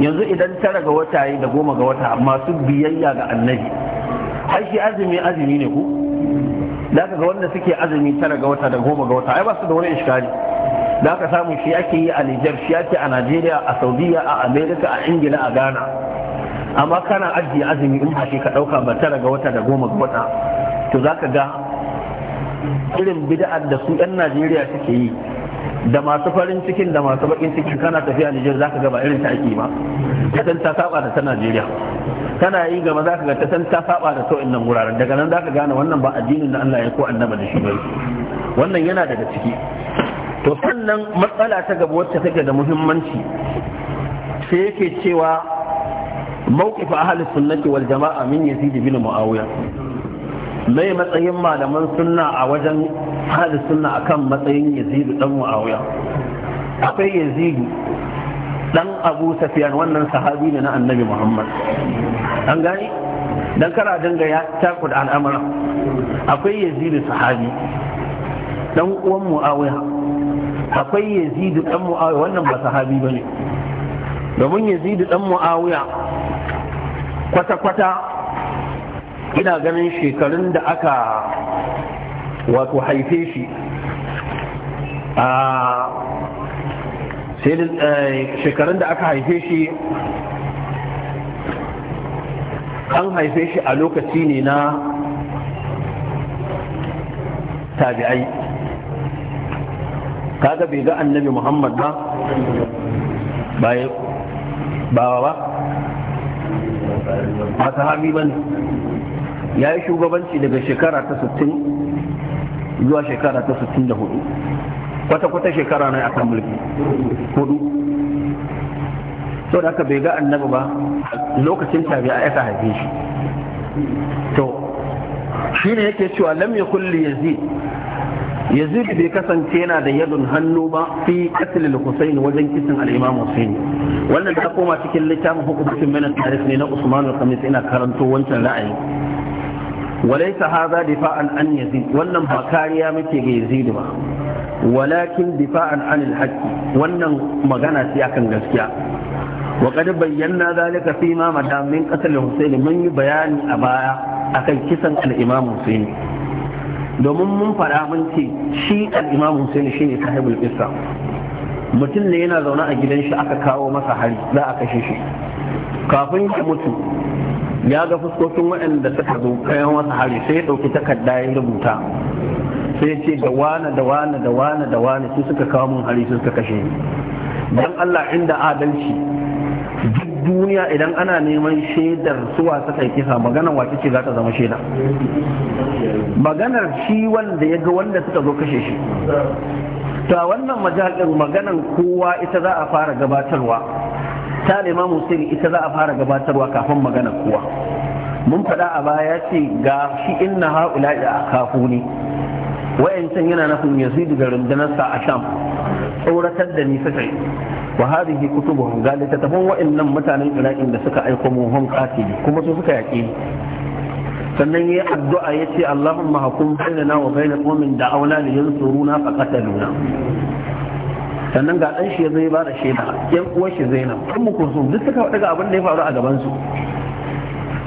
yanzu idan tara ga wata da goma ga wata masu biyayya ga annabi ai shi azumi azumi ne ku da ga wanda suke azumi tara ga wata da goma ga wata ai ba su da wani iskari da aka samu shi ake yi a Nijar shi ake a Najeriya a Saudiya a Amerika a Ingila a Ghana amma kana ajiye azumi in ba shi ka ɗauka ba tara ga wata da goma ga wata to za ka ga irin bida'ar da su 'yan najeriya suke yi da masu farin cikin da masu bakin cikin kana tafiya Nijar za ka ga ba irin ta ake ba ta san ta saba da ta Najeriya tana yi gaba za ka ga ta san ta saba da sau'in nan wuraren daga nan za ka gane wannan ba addinin da Allah ya ko annaba da shi ba wannan yana daga ciki to sannan matsala ta gaba wacce take da muhimmanci sai yake cewa موقف أهل السنة والجماعة من يزيد بن معاوية mai matsayin malaman sunna a wajen hada sunna akan matsayin yazidu dan muawiya akwai yazidu dan abu safiyan wannan sahabi ne na annabi muhammad an gani dan kara dinga ya taku da al'amura akwai yazidu sahabi dan uwan muawiya akwai yazidu dan muawiya wannan ba sahabi bane domin yazidu dan muawiya kwata-kwata ina ganin shekarun da aka wato haife shi ah, a eh, shekarun da aka haife shi an haife shi a lokaci ne na tabi'ai kaga bai ga annabi muhammad ba ba ba ba hami ba ne ya yi shugabanci daga shekara ta 60 zuwa shekara ta 64 kwata-kwata shekara na akan mulki hudu sau da aka bai ga annabi ba lokacin tabi a aka haife shi to shi ne yake cewa lam ya kulli yazid yazid bai kasance yana da yadun hannu ba fi katilil husain wajen kisan al-imam husain wannan da koma cikin littafin hukumatin min tarikh ne na usman al-khamis ina karanto wancan ra'ayi walaysa hadha difa'an an yazid wannan ba kariya muke ga yazid ba walakin difa'an an al-haqq wannan magana ce akan gaskiya وقد بينا ذلك فيما مدى من قتل الحسين من بيان أبايا أكل كسن الإمام حسين domin mun faɗa mun ce shi al'imam imam shi shine sahibul qissa mutum ne yana zaune a gidan shi aka kawo masa hari za a kashe shi kafin ya mutu ya ga fuskokin waɗanda suka zo kayan masa hari sai ya ɗauki takarda ya rubuta sai ce da wane da wane da wane da wane su suka kawo mun hari su suka kashe ni dan Allah inda adalci duniya idan ana neman shaidar suwa ta kai kisa maganar wace ce za ta zama shaida maganar shi wanda ya ga wanda suka zo kashe shi ta wannan majalar maganar kowa ita za a fara gabatarwa ta nema ita za a fara gabatarwa kafin maganar kowa mun faɗa a baya ce ga shi inna ha'ula da kafu ne wa'yancan yana nufin yazidu da rundunarsa a sham tsoratar da ni saka wa hadhihi kutubuhum ga littattafan wa'annan mutanen iraqin da suka aiko mu hum qatili kuma su suka yaƙi sannan yayi addu'a yace Allahumma hakum bainana wa sannan ga dan shi zai ba da shaida yan uwar shi Zainab kun mu duk suka daga abin da ya faru a gaban su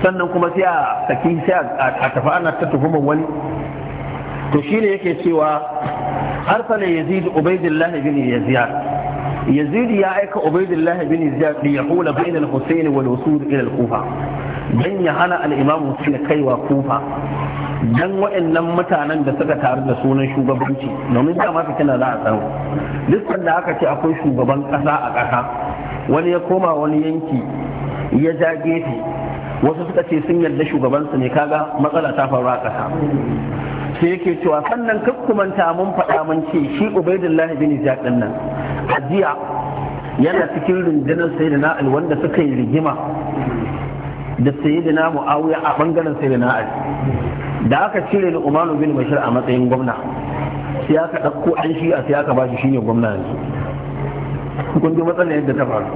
sannan kuma sai a saki sai a tafi ana ta tuhumar wani to shine yake cewa arsala yazid ubaidillah bin yazid yazid ya aika ubaidullah bin ziyad li yahula bayna al-husayn wal wusul ila al-kufa dan ya hana al kaiwa kufa dan waɗannan mutanen da suka taru da sunan shugabanci domin dama fitina za a tsaro duk da aka ce akwai shugaban ƙasa a ƙasa wani ya koma wani yanki ya ja gefe wasu suka ce sun yarda shugabansu ne kaga matsala ta faru a ƙasa sai yake cewa sannan kakkumanta mun faɗa mun ce shi ubaidullahi bin ziyad nan ajiya yana cikin rundunar sayyidina ali wanda suka yi rigima da sayyidina muawiya a bangaren sayyidina ali da aka cire ni umaru bin bashir a matsayin gwamna sai aka ɗauko an shi a sai aka bashi shine gwamna yanzu kun ji matsalar yadda ta faru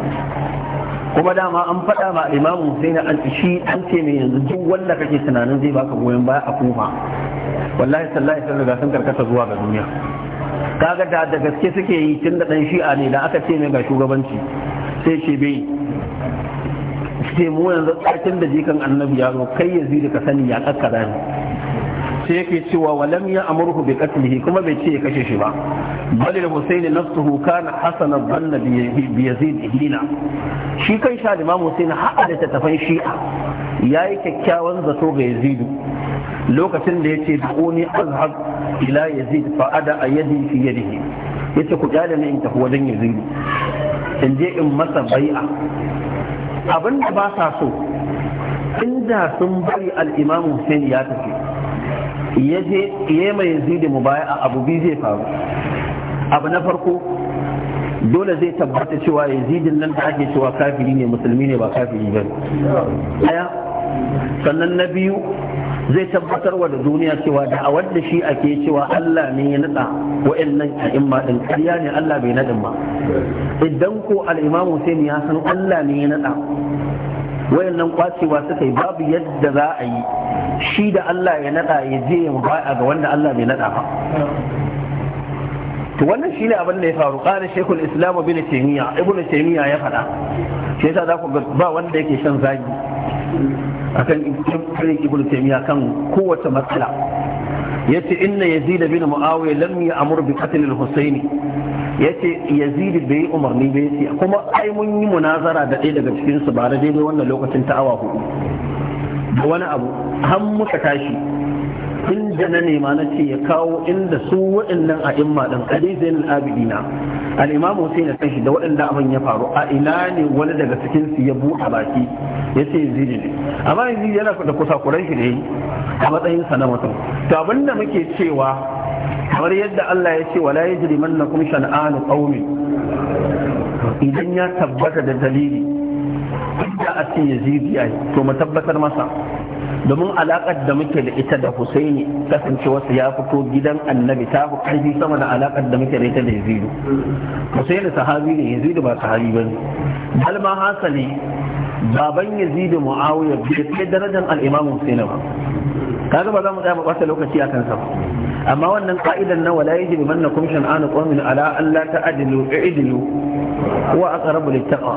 kuma dama an faɗa ma imamu Hussein an shi an ce mai yanzu duk wanda kake tunanin zai baka goyon baya a kufa wallahi sallahi sun riga sun karkata zuwa ga duniya kaga da da gaske suke yi tun da dan shi'a ne da aka ce mai ga shugabanci sai ce bai ce mu yanzu tsarkin da jikan annabi ya zo kai ya zira ka sani ya kakkara ne sai yake cewa walam ya amurhu bi qatlihi kuma bai ce ya kashe shi ba bali al-husayn nafsuhu kana hasana dhanna bi yazid ibnina shi kan sha imam husayn haɗa da tafan shi'a yayi kyakkyawan zato ga yazidu lokacin da yace du'uni azhab ila yazid fa ada ayadi fi Ya ce ku kyale ne in tafi wajen yazid in je in masa bai'a abin da ba sa so inda sun bari al-imam Hussein ya tafi je yayi mai yazid mubaya'a abu bi zai faru abu na farko dole zai tabbata cewa yazidin nan da ake cewa kafiri ne musulmi ne ba kafiri ba daya sannan na biyu zai tabbatar wa da duniya cewa da a wanda shi ake cewa Allah ne ya nada wa'annan a'imma din ƙarya ne Allah bai nadin ba idan ko al-Imam Hussein ya san Allah ne ya nada wayannan kwacewa suka yi babu yadda za a yi shi da Allah ya nada ya je ya ba'a ga wanda Allah bai nada ba to wannan shine abin da ya faru qala shaykhul islam ibn taymiya ibn taymiya ya faɗa shi yasa za ku ga ba wanda yake shan zagi akan ibn ibn taymiya kan kowace matsala yace inna yazid bin muawiya lam ya'mur bi qatl al-husayn yace yazid bai umarni bai yace kuma ai mun yi munazara da ɗaya daga cikin su ba da daidai wannan lokacin ta awa hudu da wani abu har muka tashi abin da na nema na ce ya kawo inda su waɗannan a imma ɗin na Zainul Abidina A imam Hussein shi da waɗanda abin ya faru a ina ne wani daga cikin su ya buɗe baki ya ce Yazid ne amma yanzu yana da kusa kuran shi ne a matsayin sa na mutum to abin da muke cewa kamar yadda Allah ya ce wala yajrimannakum shan'anu qaumin idan ya tabbata da dalili inda a ce yazidi ai to mu tabbatar masa domin alaƙar da muke da ita da husaini kasance wasu ya fito gidan annabi ta fi karfi sama da alaƙar da muke da ita da yazidu husaini sahabi ne yazidu ba sahabi ba ne dalma hasali baban yazidu mu'awiya bai kai darajar al'imamu husaini ba kaga ba za mu tsaya mu ɓata lokaci a kansa ba amma wannan ka'idan na wala yajibu mannakum shan'anu qawmin ala an la ta'dilu i'dilu wa aqrabu littaqa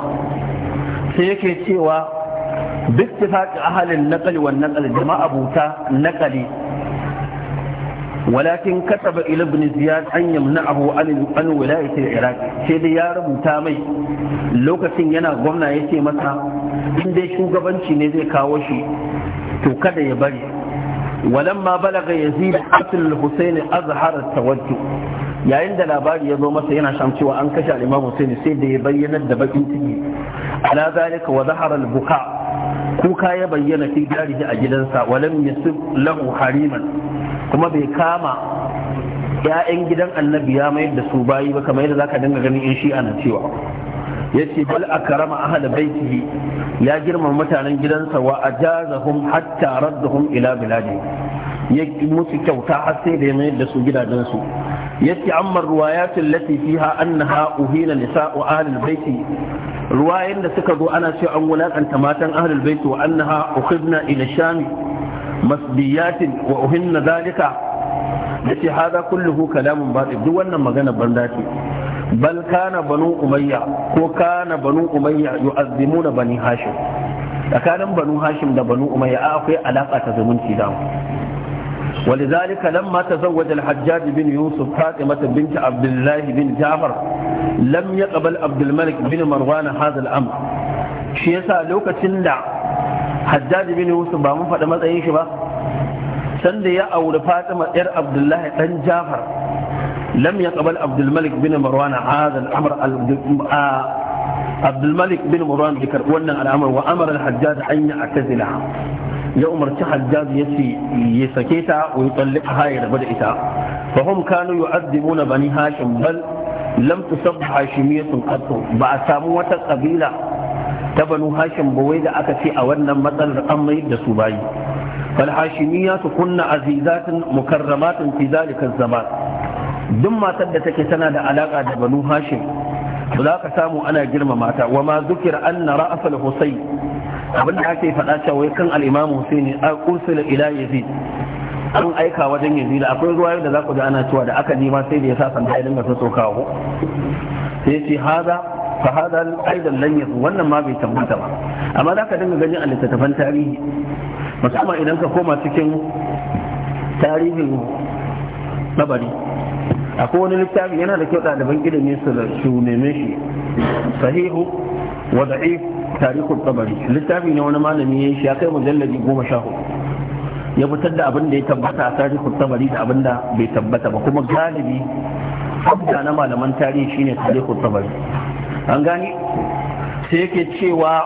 sai yake cewa باتفاق أهل النقل والنقل جماعة بوتا نقلي ولكن كتب إلى ابن زياد أن يمنعه عن ولاية العراق سيدي يا رب تامي لو كتن ينا قمنا يتي مسا إن دي شو قبنشي نزي كاوشي تو كده يبري ولما بلغ يزيد قتل الحسين أظهر التوجه yayin da labari ya zo masa yana shan cewa an kashe al-Imam Hussein sai da ya bayyana da bakin ciki ala zalika wa zahara al-buka kuka ya bayyana fi darihi a gidansa walam yusuf lahu hariman kuma bai kama ya'yan gidan annabi ya mayar da su bayi ba kamar yadda zaka dinga ganin in shi'a na cewa yace bal akrama ahla baitihi ya girma mutanen gidansa wa ajazahum hatta raddahum ila biladi ya musu kyauta har sai da ya mayar da su gidajen su yace amma riwayatul lati fiha annaha uhila nisa'u ahli baiti ruwayen da suka zo ana cewa an wulakanta matan ahlul baiti wa annaha ukhidna ila sham masbiyatin wa uhinna zalika yace hada kulluhu kalamun batil duk wannan magana banda ce bal kana banu umayya ko kana banu umayya yu'azzimuna bani hashim tsakanin banu hashim da banu umayya akwai alaka ta zumunci da ولذلك لما تزوج الحجاج بن يوسف فاطمة بنت عبد الله بن جعفر لم يقبل عبد الملك بن مروان هذا الأمر شيء سألوك تندع حجاج بن يوسف بامن فاطمة أي شباب سند يا أول فاطمة إر عبد الله بن جعفر لم يقبل عبد الملك بن مروان هذا الأمر عبد الملك بن مروان ذكر ونع الأمر وأمر الحجاج أن يعتزلها ya umarci hajjaz ya ce ya sake ta wa ya tsalli ha ya rabu da ita fa hum kanu na bani hashim bal lam tusab hashimiyatun qattu ba a samu wata kabila ta banu hashim ba wai da aka ce a wannan matsalar an mai da su bayi fal hashimiyatu kunna azizatun mukarramatun fi zalika zaman duk matar da take tana da alaka da banu hashim za ka samu ana girmama ta wa ma zukira anna ra'asal husayn abin da ake faɗa cewa wai kan al-imamu Husaini a ah, ursula ila Yazid an aika wajen Yazid akwai ruwa da za ku ji ana cewa da aka je sai da ya sa sanda ya dinga sosokawa kawo. sai ya ce haza fa haza aidan lan yasu wannan ma bai tabbata ba amma za ka dinga ganin a littattafan tarihi musamman idan ka koma cikin tarihin babari akwai wani littafi yana da kyau ɗaliban ilimin su neme shi sahihu wa da'if tarihul tabari littafi ne wani malami ya shi ya kai mujalladi goma sha hudu ya fitar da abin da ya tabbata a tarihul tabari da abin da bai tabbata ba kuma galibi abuja na malaman tarihi shine tarihul tabari an gani sai yake cewa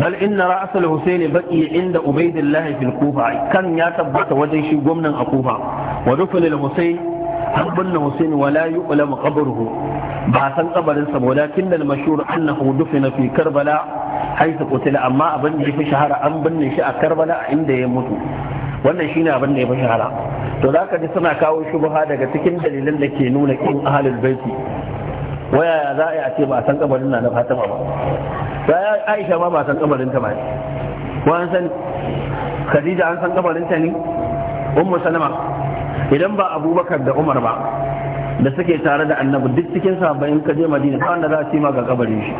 bal inna ra'asul husayn baqi inda ubaidillah fil kufa kan ya tabbata wajen shi gwamnan a kufa wa rufin al husayn an binne Hussein wala yu'lamu qabruhu ba san kabarin sa walakin dal mashhur annahu dufina fi Karbala haythu kutila amma abin da yafi shahara an binne shi a Karbala inda ya mutu wannan shine abin da fi shahara to zaka ji suna kawo shubha daga cikin dalilan da ke nuna kin ahlul baiti waya za a ce ba san kabarin na Fatima ba ya Aisha ma ba san kabarin ta ba an san Khadija an san kabarin ta ne Ummu Salama idan ba abubakar da umar ba da suke tare da annabi duk cikin sahabbai in ka je madina ba wanda za su yi ga kabarin shi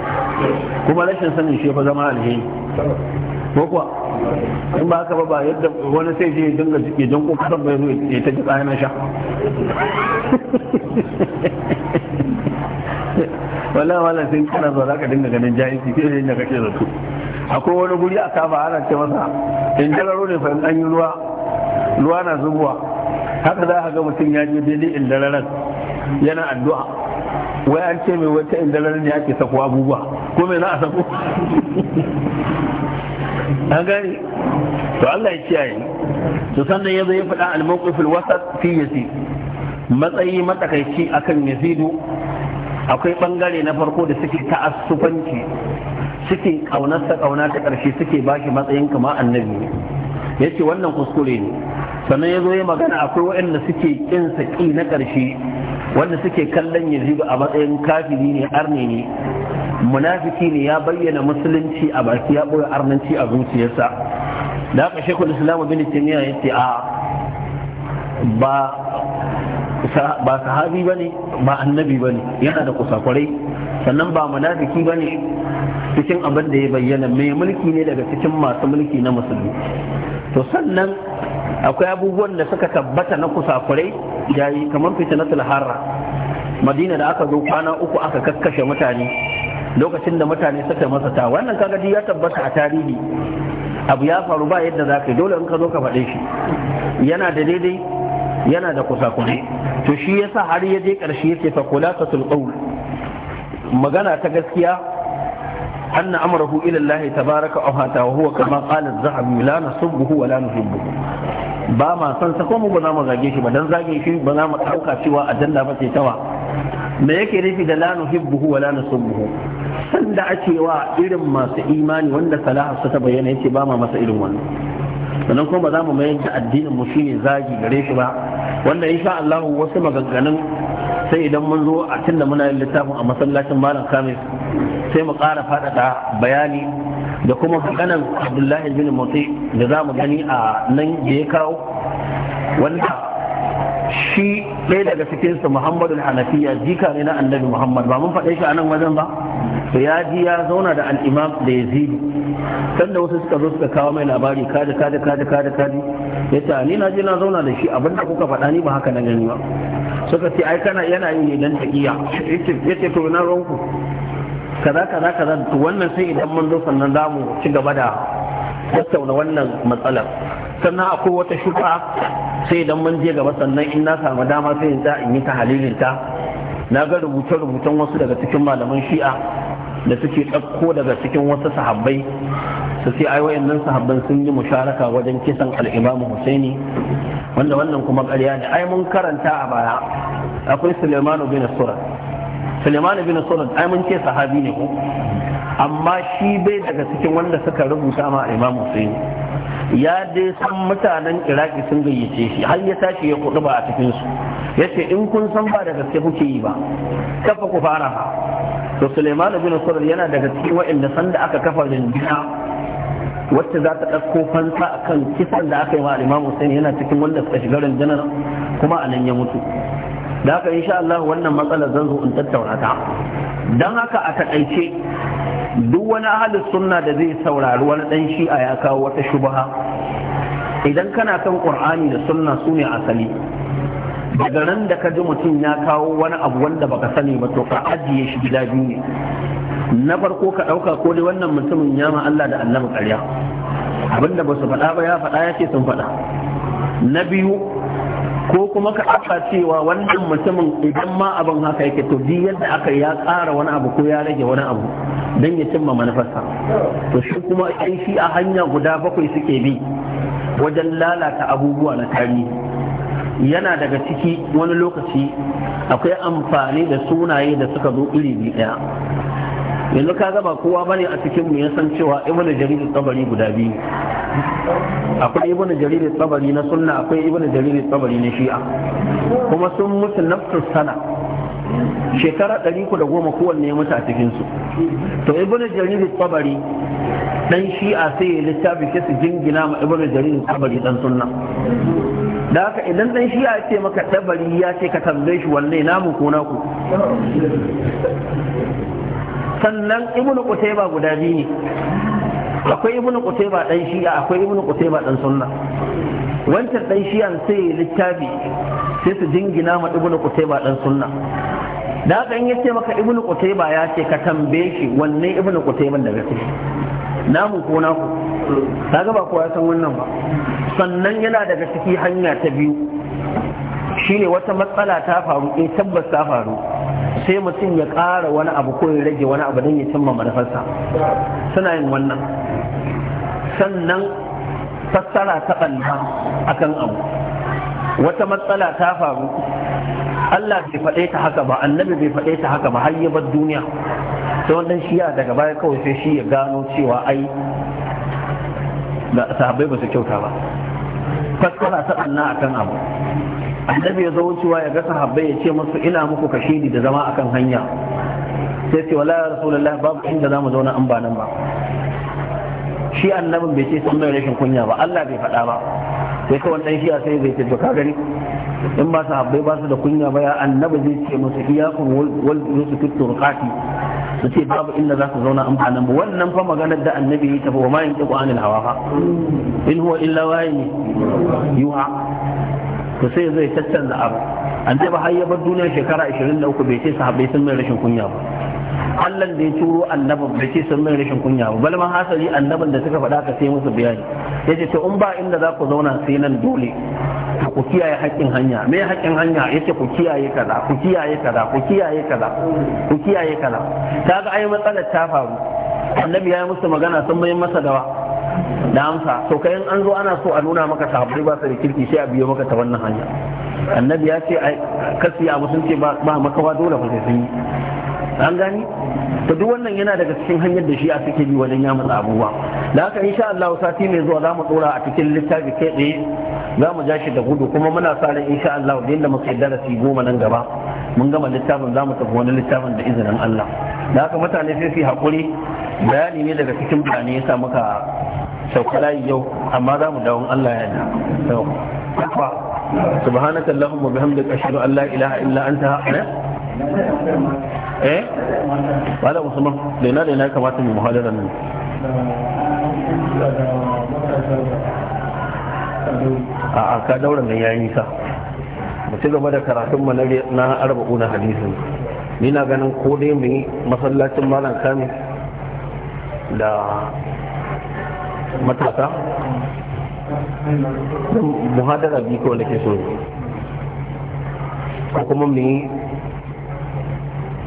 kuma rashin sanin shi fa zama alheri ko kuwa in ba haka ba ba yadda wani sai je dinga jike don ko kasan bai zo ya ta ji tsayanan sha <laughs> wallahi wala sai kana zo zaka dinga ganin jahilci sai da kake zato akwai wani guri a kafa ana ce masa in jararo ne fa in an yi ruwa ruwa na zubuwa haka za ka ga mutum ya je daidai indararen yana addu'a wai an ce mai wata indararen ne ake sakuwa abubuwa ko mai za a sako an gane to Allah ya kiyaye to sannan ya zai faɗa al-mawqifil wasat fi yasi matsayi matsakaici akan yazidu akwai bangare na farko da suke ta'assufanci suke kaunarsa kauna ta ƙarshe suke bashi matsayin kama annabi ya ce wannan kuskure ne sannan ya zo ya magana akwai waɗanda suke ƙin saƙi na ƙarshe wanda suke kallon yazidu a matsayin kafiri ne arne ne munafiki ne ya bayyana musulunci a baki ya ɓoye arnanci a zuciyarsa da haka da islamu bin timiya ya ce a ba ba sahabi ba ne ba annabi ba ne yana da kusakwarai sannan ba munafiki ba ne cikin abin da ya bayyana mai mulki ne daga cikin masu mulki na musulmi to sannan akwai abubuwan da suka tabbata na kusakurai yayi kamar na harra madina da aka zo kwana uku aka kakkashe mutane lokacin da mutane suka masa ta wannan kaga ya tabbata a tarihi abu ya faru ba yadda za ka yi dole in ka zo ka faɗe shi yana da daidai yana da kusakurai to shi yasa har ya je ƙarshe yake fa kula magana ta gaskiya أن أمره إلى الله تبارك وتعالى وهو كما قال الذهبي لا نسبه ولا نحبه ba ma san sa mu ba za mu zage shi ba dan zage shi ba za mu dauka cewa ajanda ba ce tawa me yake nufi da la nuhibbuhu wa la nusubbuhu sanda a cewa irin masu imani wanda salaha su ta bayyana yace ba ma masa irin wannan sannan kuma ba za mu mayar da addinin mu shine zagi gare shi ba wanda insha Allah wasu maganganun sai idan mun zo a tunda muna yin littafin a masallacin malam kamis sai mu ƙara faɗaɗa bayani da kuma maganan abdullahi bin motsi da za mu gani a nan da ya kawo wanda shi ɗaya daga cikinsa muhammadu hanafiya jika ne na annabi muhammad ba mun faɗe shi a nan wajen ba to ya ji ya zauna da al'imam da ya sanda wasu suka zo suka kawo mai labari kaji kaji kaji kaji kaji ya ce ni na je na zauna da shi abinda kuka faɗa ni ba haka na gani ba suka ce ai kana yana yi dan taqiya yace to na ronku kaza kaza kaza to wannan sai idan mun zo sannan za mu ci gaba da tattauna wannan matsalar sannan akwai wata shuka sai idan mun je gaba sannan in na samu dama sai in in yi ta halilinta na ga rubuce rubutun wasu daga cikin malaman shi'a da suke ɗauko daga cikin wasu sahabbai su ce ai wayannan sahabban sun yi musharaka wajen kisan al-Imam Husaini wanda wannan kuma ƙarya ne ai mun karanta a baya akwai Sulaiman bin Surat Sulaiman bin Surat ai mun ce sahabi ne ko amma shi bai daga cikin wanda suka rubuta ma Imam Husaini ya dai san mutanen Iraki sun gayyace shi har ya tashi ya kudu ba a cikin su yace in kun san ba da gaske kuke yi ba kafa ku fara to Suleiman bin Surar yana daga cikin waɗanda sanda aka kafa rindina wacce za ta ɗauko fansa a kan kisan da aka yi wa al'imam Hussein yana cikin wanda suka shiga rundunar kuma a nan ya mutu da haka insha Allah wannan matsalar zan zo in tattauna ta don haka a taƙaice duk wani ahalin sunna da zai saurari wani ɗan shi'a ya kawo wata shubaha idan kana kan ƙur'ani da sunna su ne asali daga nan da ka ji mutum ya kawo wani abu wanda baka sani ba to ka ajiye shi gida biyu ne na farko ka ɗauka ko dai wannan mutumin ya ma Allah da Allah ƙarya abinda ba su faɗa ba ya faɗa ya ce sun faɗa na biyu ko kuma ka ɗauka cewa wannan mutumin idan ma abin haka yake to duk yadda aka ya ƙara wani abu ko ya rage wani abu don ya cimma manufarsa to shi kuma ai shi a hanya guda bakwai suke bi wajen lalata abubuwa na tarihi yana daga ciki wani lokaci akwai amfani da sunaye da suka zo iri biyu ɗaya yanzu ka gaba kowa bane a cikin mu ya san cewa ibnu jarir tabari guda biyu akwai ibnu jarir tabari na sunna akwai ibnu jarir tabari na shi'a kuma sun mutu nafsu sana shekara ɗari ku da goma kowanne ya mutu a cikin su to ibnu jarir tabari dan shi'a sai ya littafi ke su jingina ma ibnu jarir tabari dan sunna da haka idan dan shi'a ya ce maka tabari ya ce ka tambaye shi wanne namu ko naku sannan ibnu qutayba guda biyu ne akwai ibnu qutayba dan shi'a akwai ibnu qutayba dan sunna wancan dan shi'an sai littafi sai su jingina ma ibnu qutayba dan sunna da haka in yace maka ibnu qutayba ya ce ka tambaye shi wanne ibnu qutayban da gaske namu ko naku kaga ba kowa san wannan ba sannan yana daga ciki hanya ta biyu shine wata matsala ta faru in eh, tabbas ta faru sai mutum ya ƙara wani abu ko ya rage wani abu don ya cimma manufarsa suna yin wannan sannan fassara ta a akan abu wata matsala ta faru Allah bai faɗe ta haka ba annabi bai faɗe ta haka ba har ya bar duniya sai wannan ya daga baya kawai sai shi ya gano cewa ai da sahabbai ba su kyauta ba fassara ta ɓanna akan abu annabi ya zo wucewa ya ga sahabbai ya ce musu ina muku kashidi da zama akan hanya sai ce wala ya rasulullah babu inda zamu zauna an ba nan ba shi annabin bai ce sun mai rashin kunya ba Allah bai faɗa ba sai kawai dan shi sai zai ce to ka gani in ba sahabbai ba su da kunya ba ya annabi zai ce musu iyakum wal yusufit turqati su ce babu inda za su zauna an ba nan ba. wannan fa maganar da annabi ya tafi wa ma yanqu anil hawa fa in huwa illa wahyi yuha to sai zai caccanza abu an ba har yabar duniya shekara 23 bai ce sahabbai sun mai rashin kunya ba Allah da ya turo annabin bai ce sun mai rashin kunya ba balma hasali annabin da suka faɗa ka sai musu bayani yace to in ba inda za ku zauna sai nan dole ku kiyaye haƙƙin hanya me haƙƙin hanya yace ku kiyaye kaza ku kiyaye kaza ku kiyaye kaza ku kiyaye kaza kaga ai matsalar ta faru annabi ya yi musu magana sun mai masa dawa da amsa to kai an zo ana so a nuna maka sahabbai ba sai da kirki sai a biyo maka ta wannan hanya annabi ya ce kasi a musun ce ba makawa dole ba sai an gani to duk wannan yana daga cikin hanyar da shi a suke bi wajen ya matsa abubuwa da haka insha Allah sati mai zuwa za mu dora a cikin littafi kai tsaye za mu ja shi da gudu kuma muna sa ran insha Allah da yadda muka darasi goma nan gaba mun gama littafin za mu tafi wani littafin da izinin Allah da haka mutane sai su haƙuri bayani ne daga cikin birane ya sa ka sauka layi yau amma za mu dawon Allah ya da yawa subhanaka allahumma bihamdika ashhadu an la ilaha illa anta eh wala eh? musamman da ina da ina kamata mu muhadarar nan a ka daura nan yayin nisa mu ci gaba da karatun mu na arba'una hadisin ni na ganin ko dai mu yi masallacin malam kamin da matasa don muhadara biyu kawai da ke so ko kuma mu yi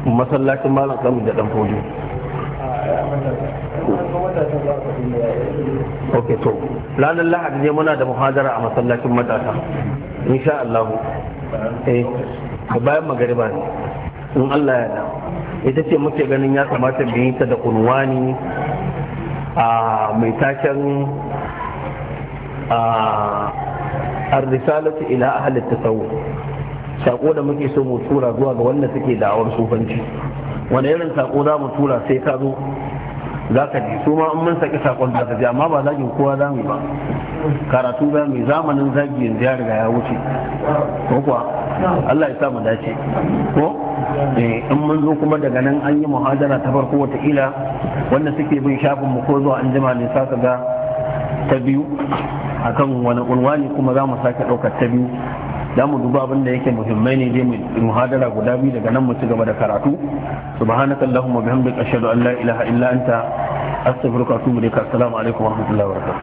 masallacin malam kamun da dan ok to ranar lahadi ne muna da muhadara a masallacin matasa insha Allah eh bayan magariba ne in Allah ya da ita ce muke ganin ya kamata biyu ta da kunwani mai taken ar-risalatu ila ahalin tasawu sako da muke so mu tura zuwa ga wanda suke da'awar sufanci wani irin sako za mu tura sai ka zo za ka ji su ma in mun saki sakon za ka ji amma ba zagin kowa za mu ba karatu ba mai zamanin zagi yanzu ya riga ya wuce ko kuwa Allah ya sa mu dace ko eh, in mun zo kuma daga nan an yi muhadara ta farko ila wanda suke bin shafin mu ko zuwa an jima ne sa ga ta biyu akan wani unwani kuma za mu sake ɗaukar ta biyu za mu duba abin da yake muhimmai ne dai muhadara guda biyu daga nan mu ci gaba da karatu subhanaka allahumma bihamdika ashhadu an la ilaha illa anta astaghfiruka wa atubu ilaik assalamu alaikum wa rahmatullahi wa barakatuh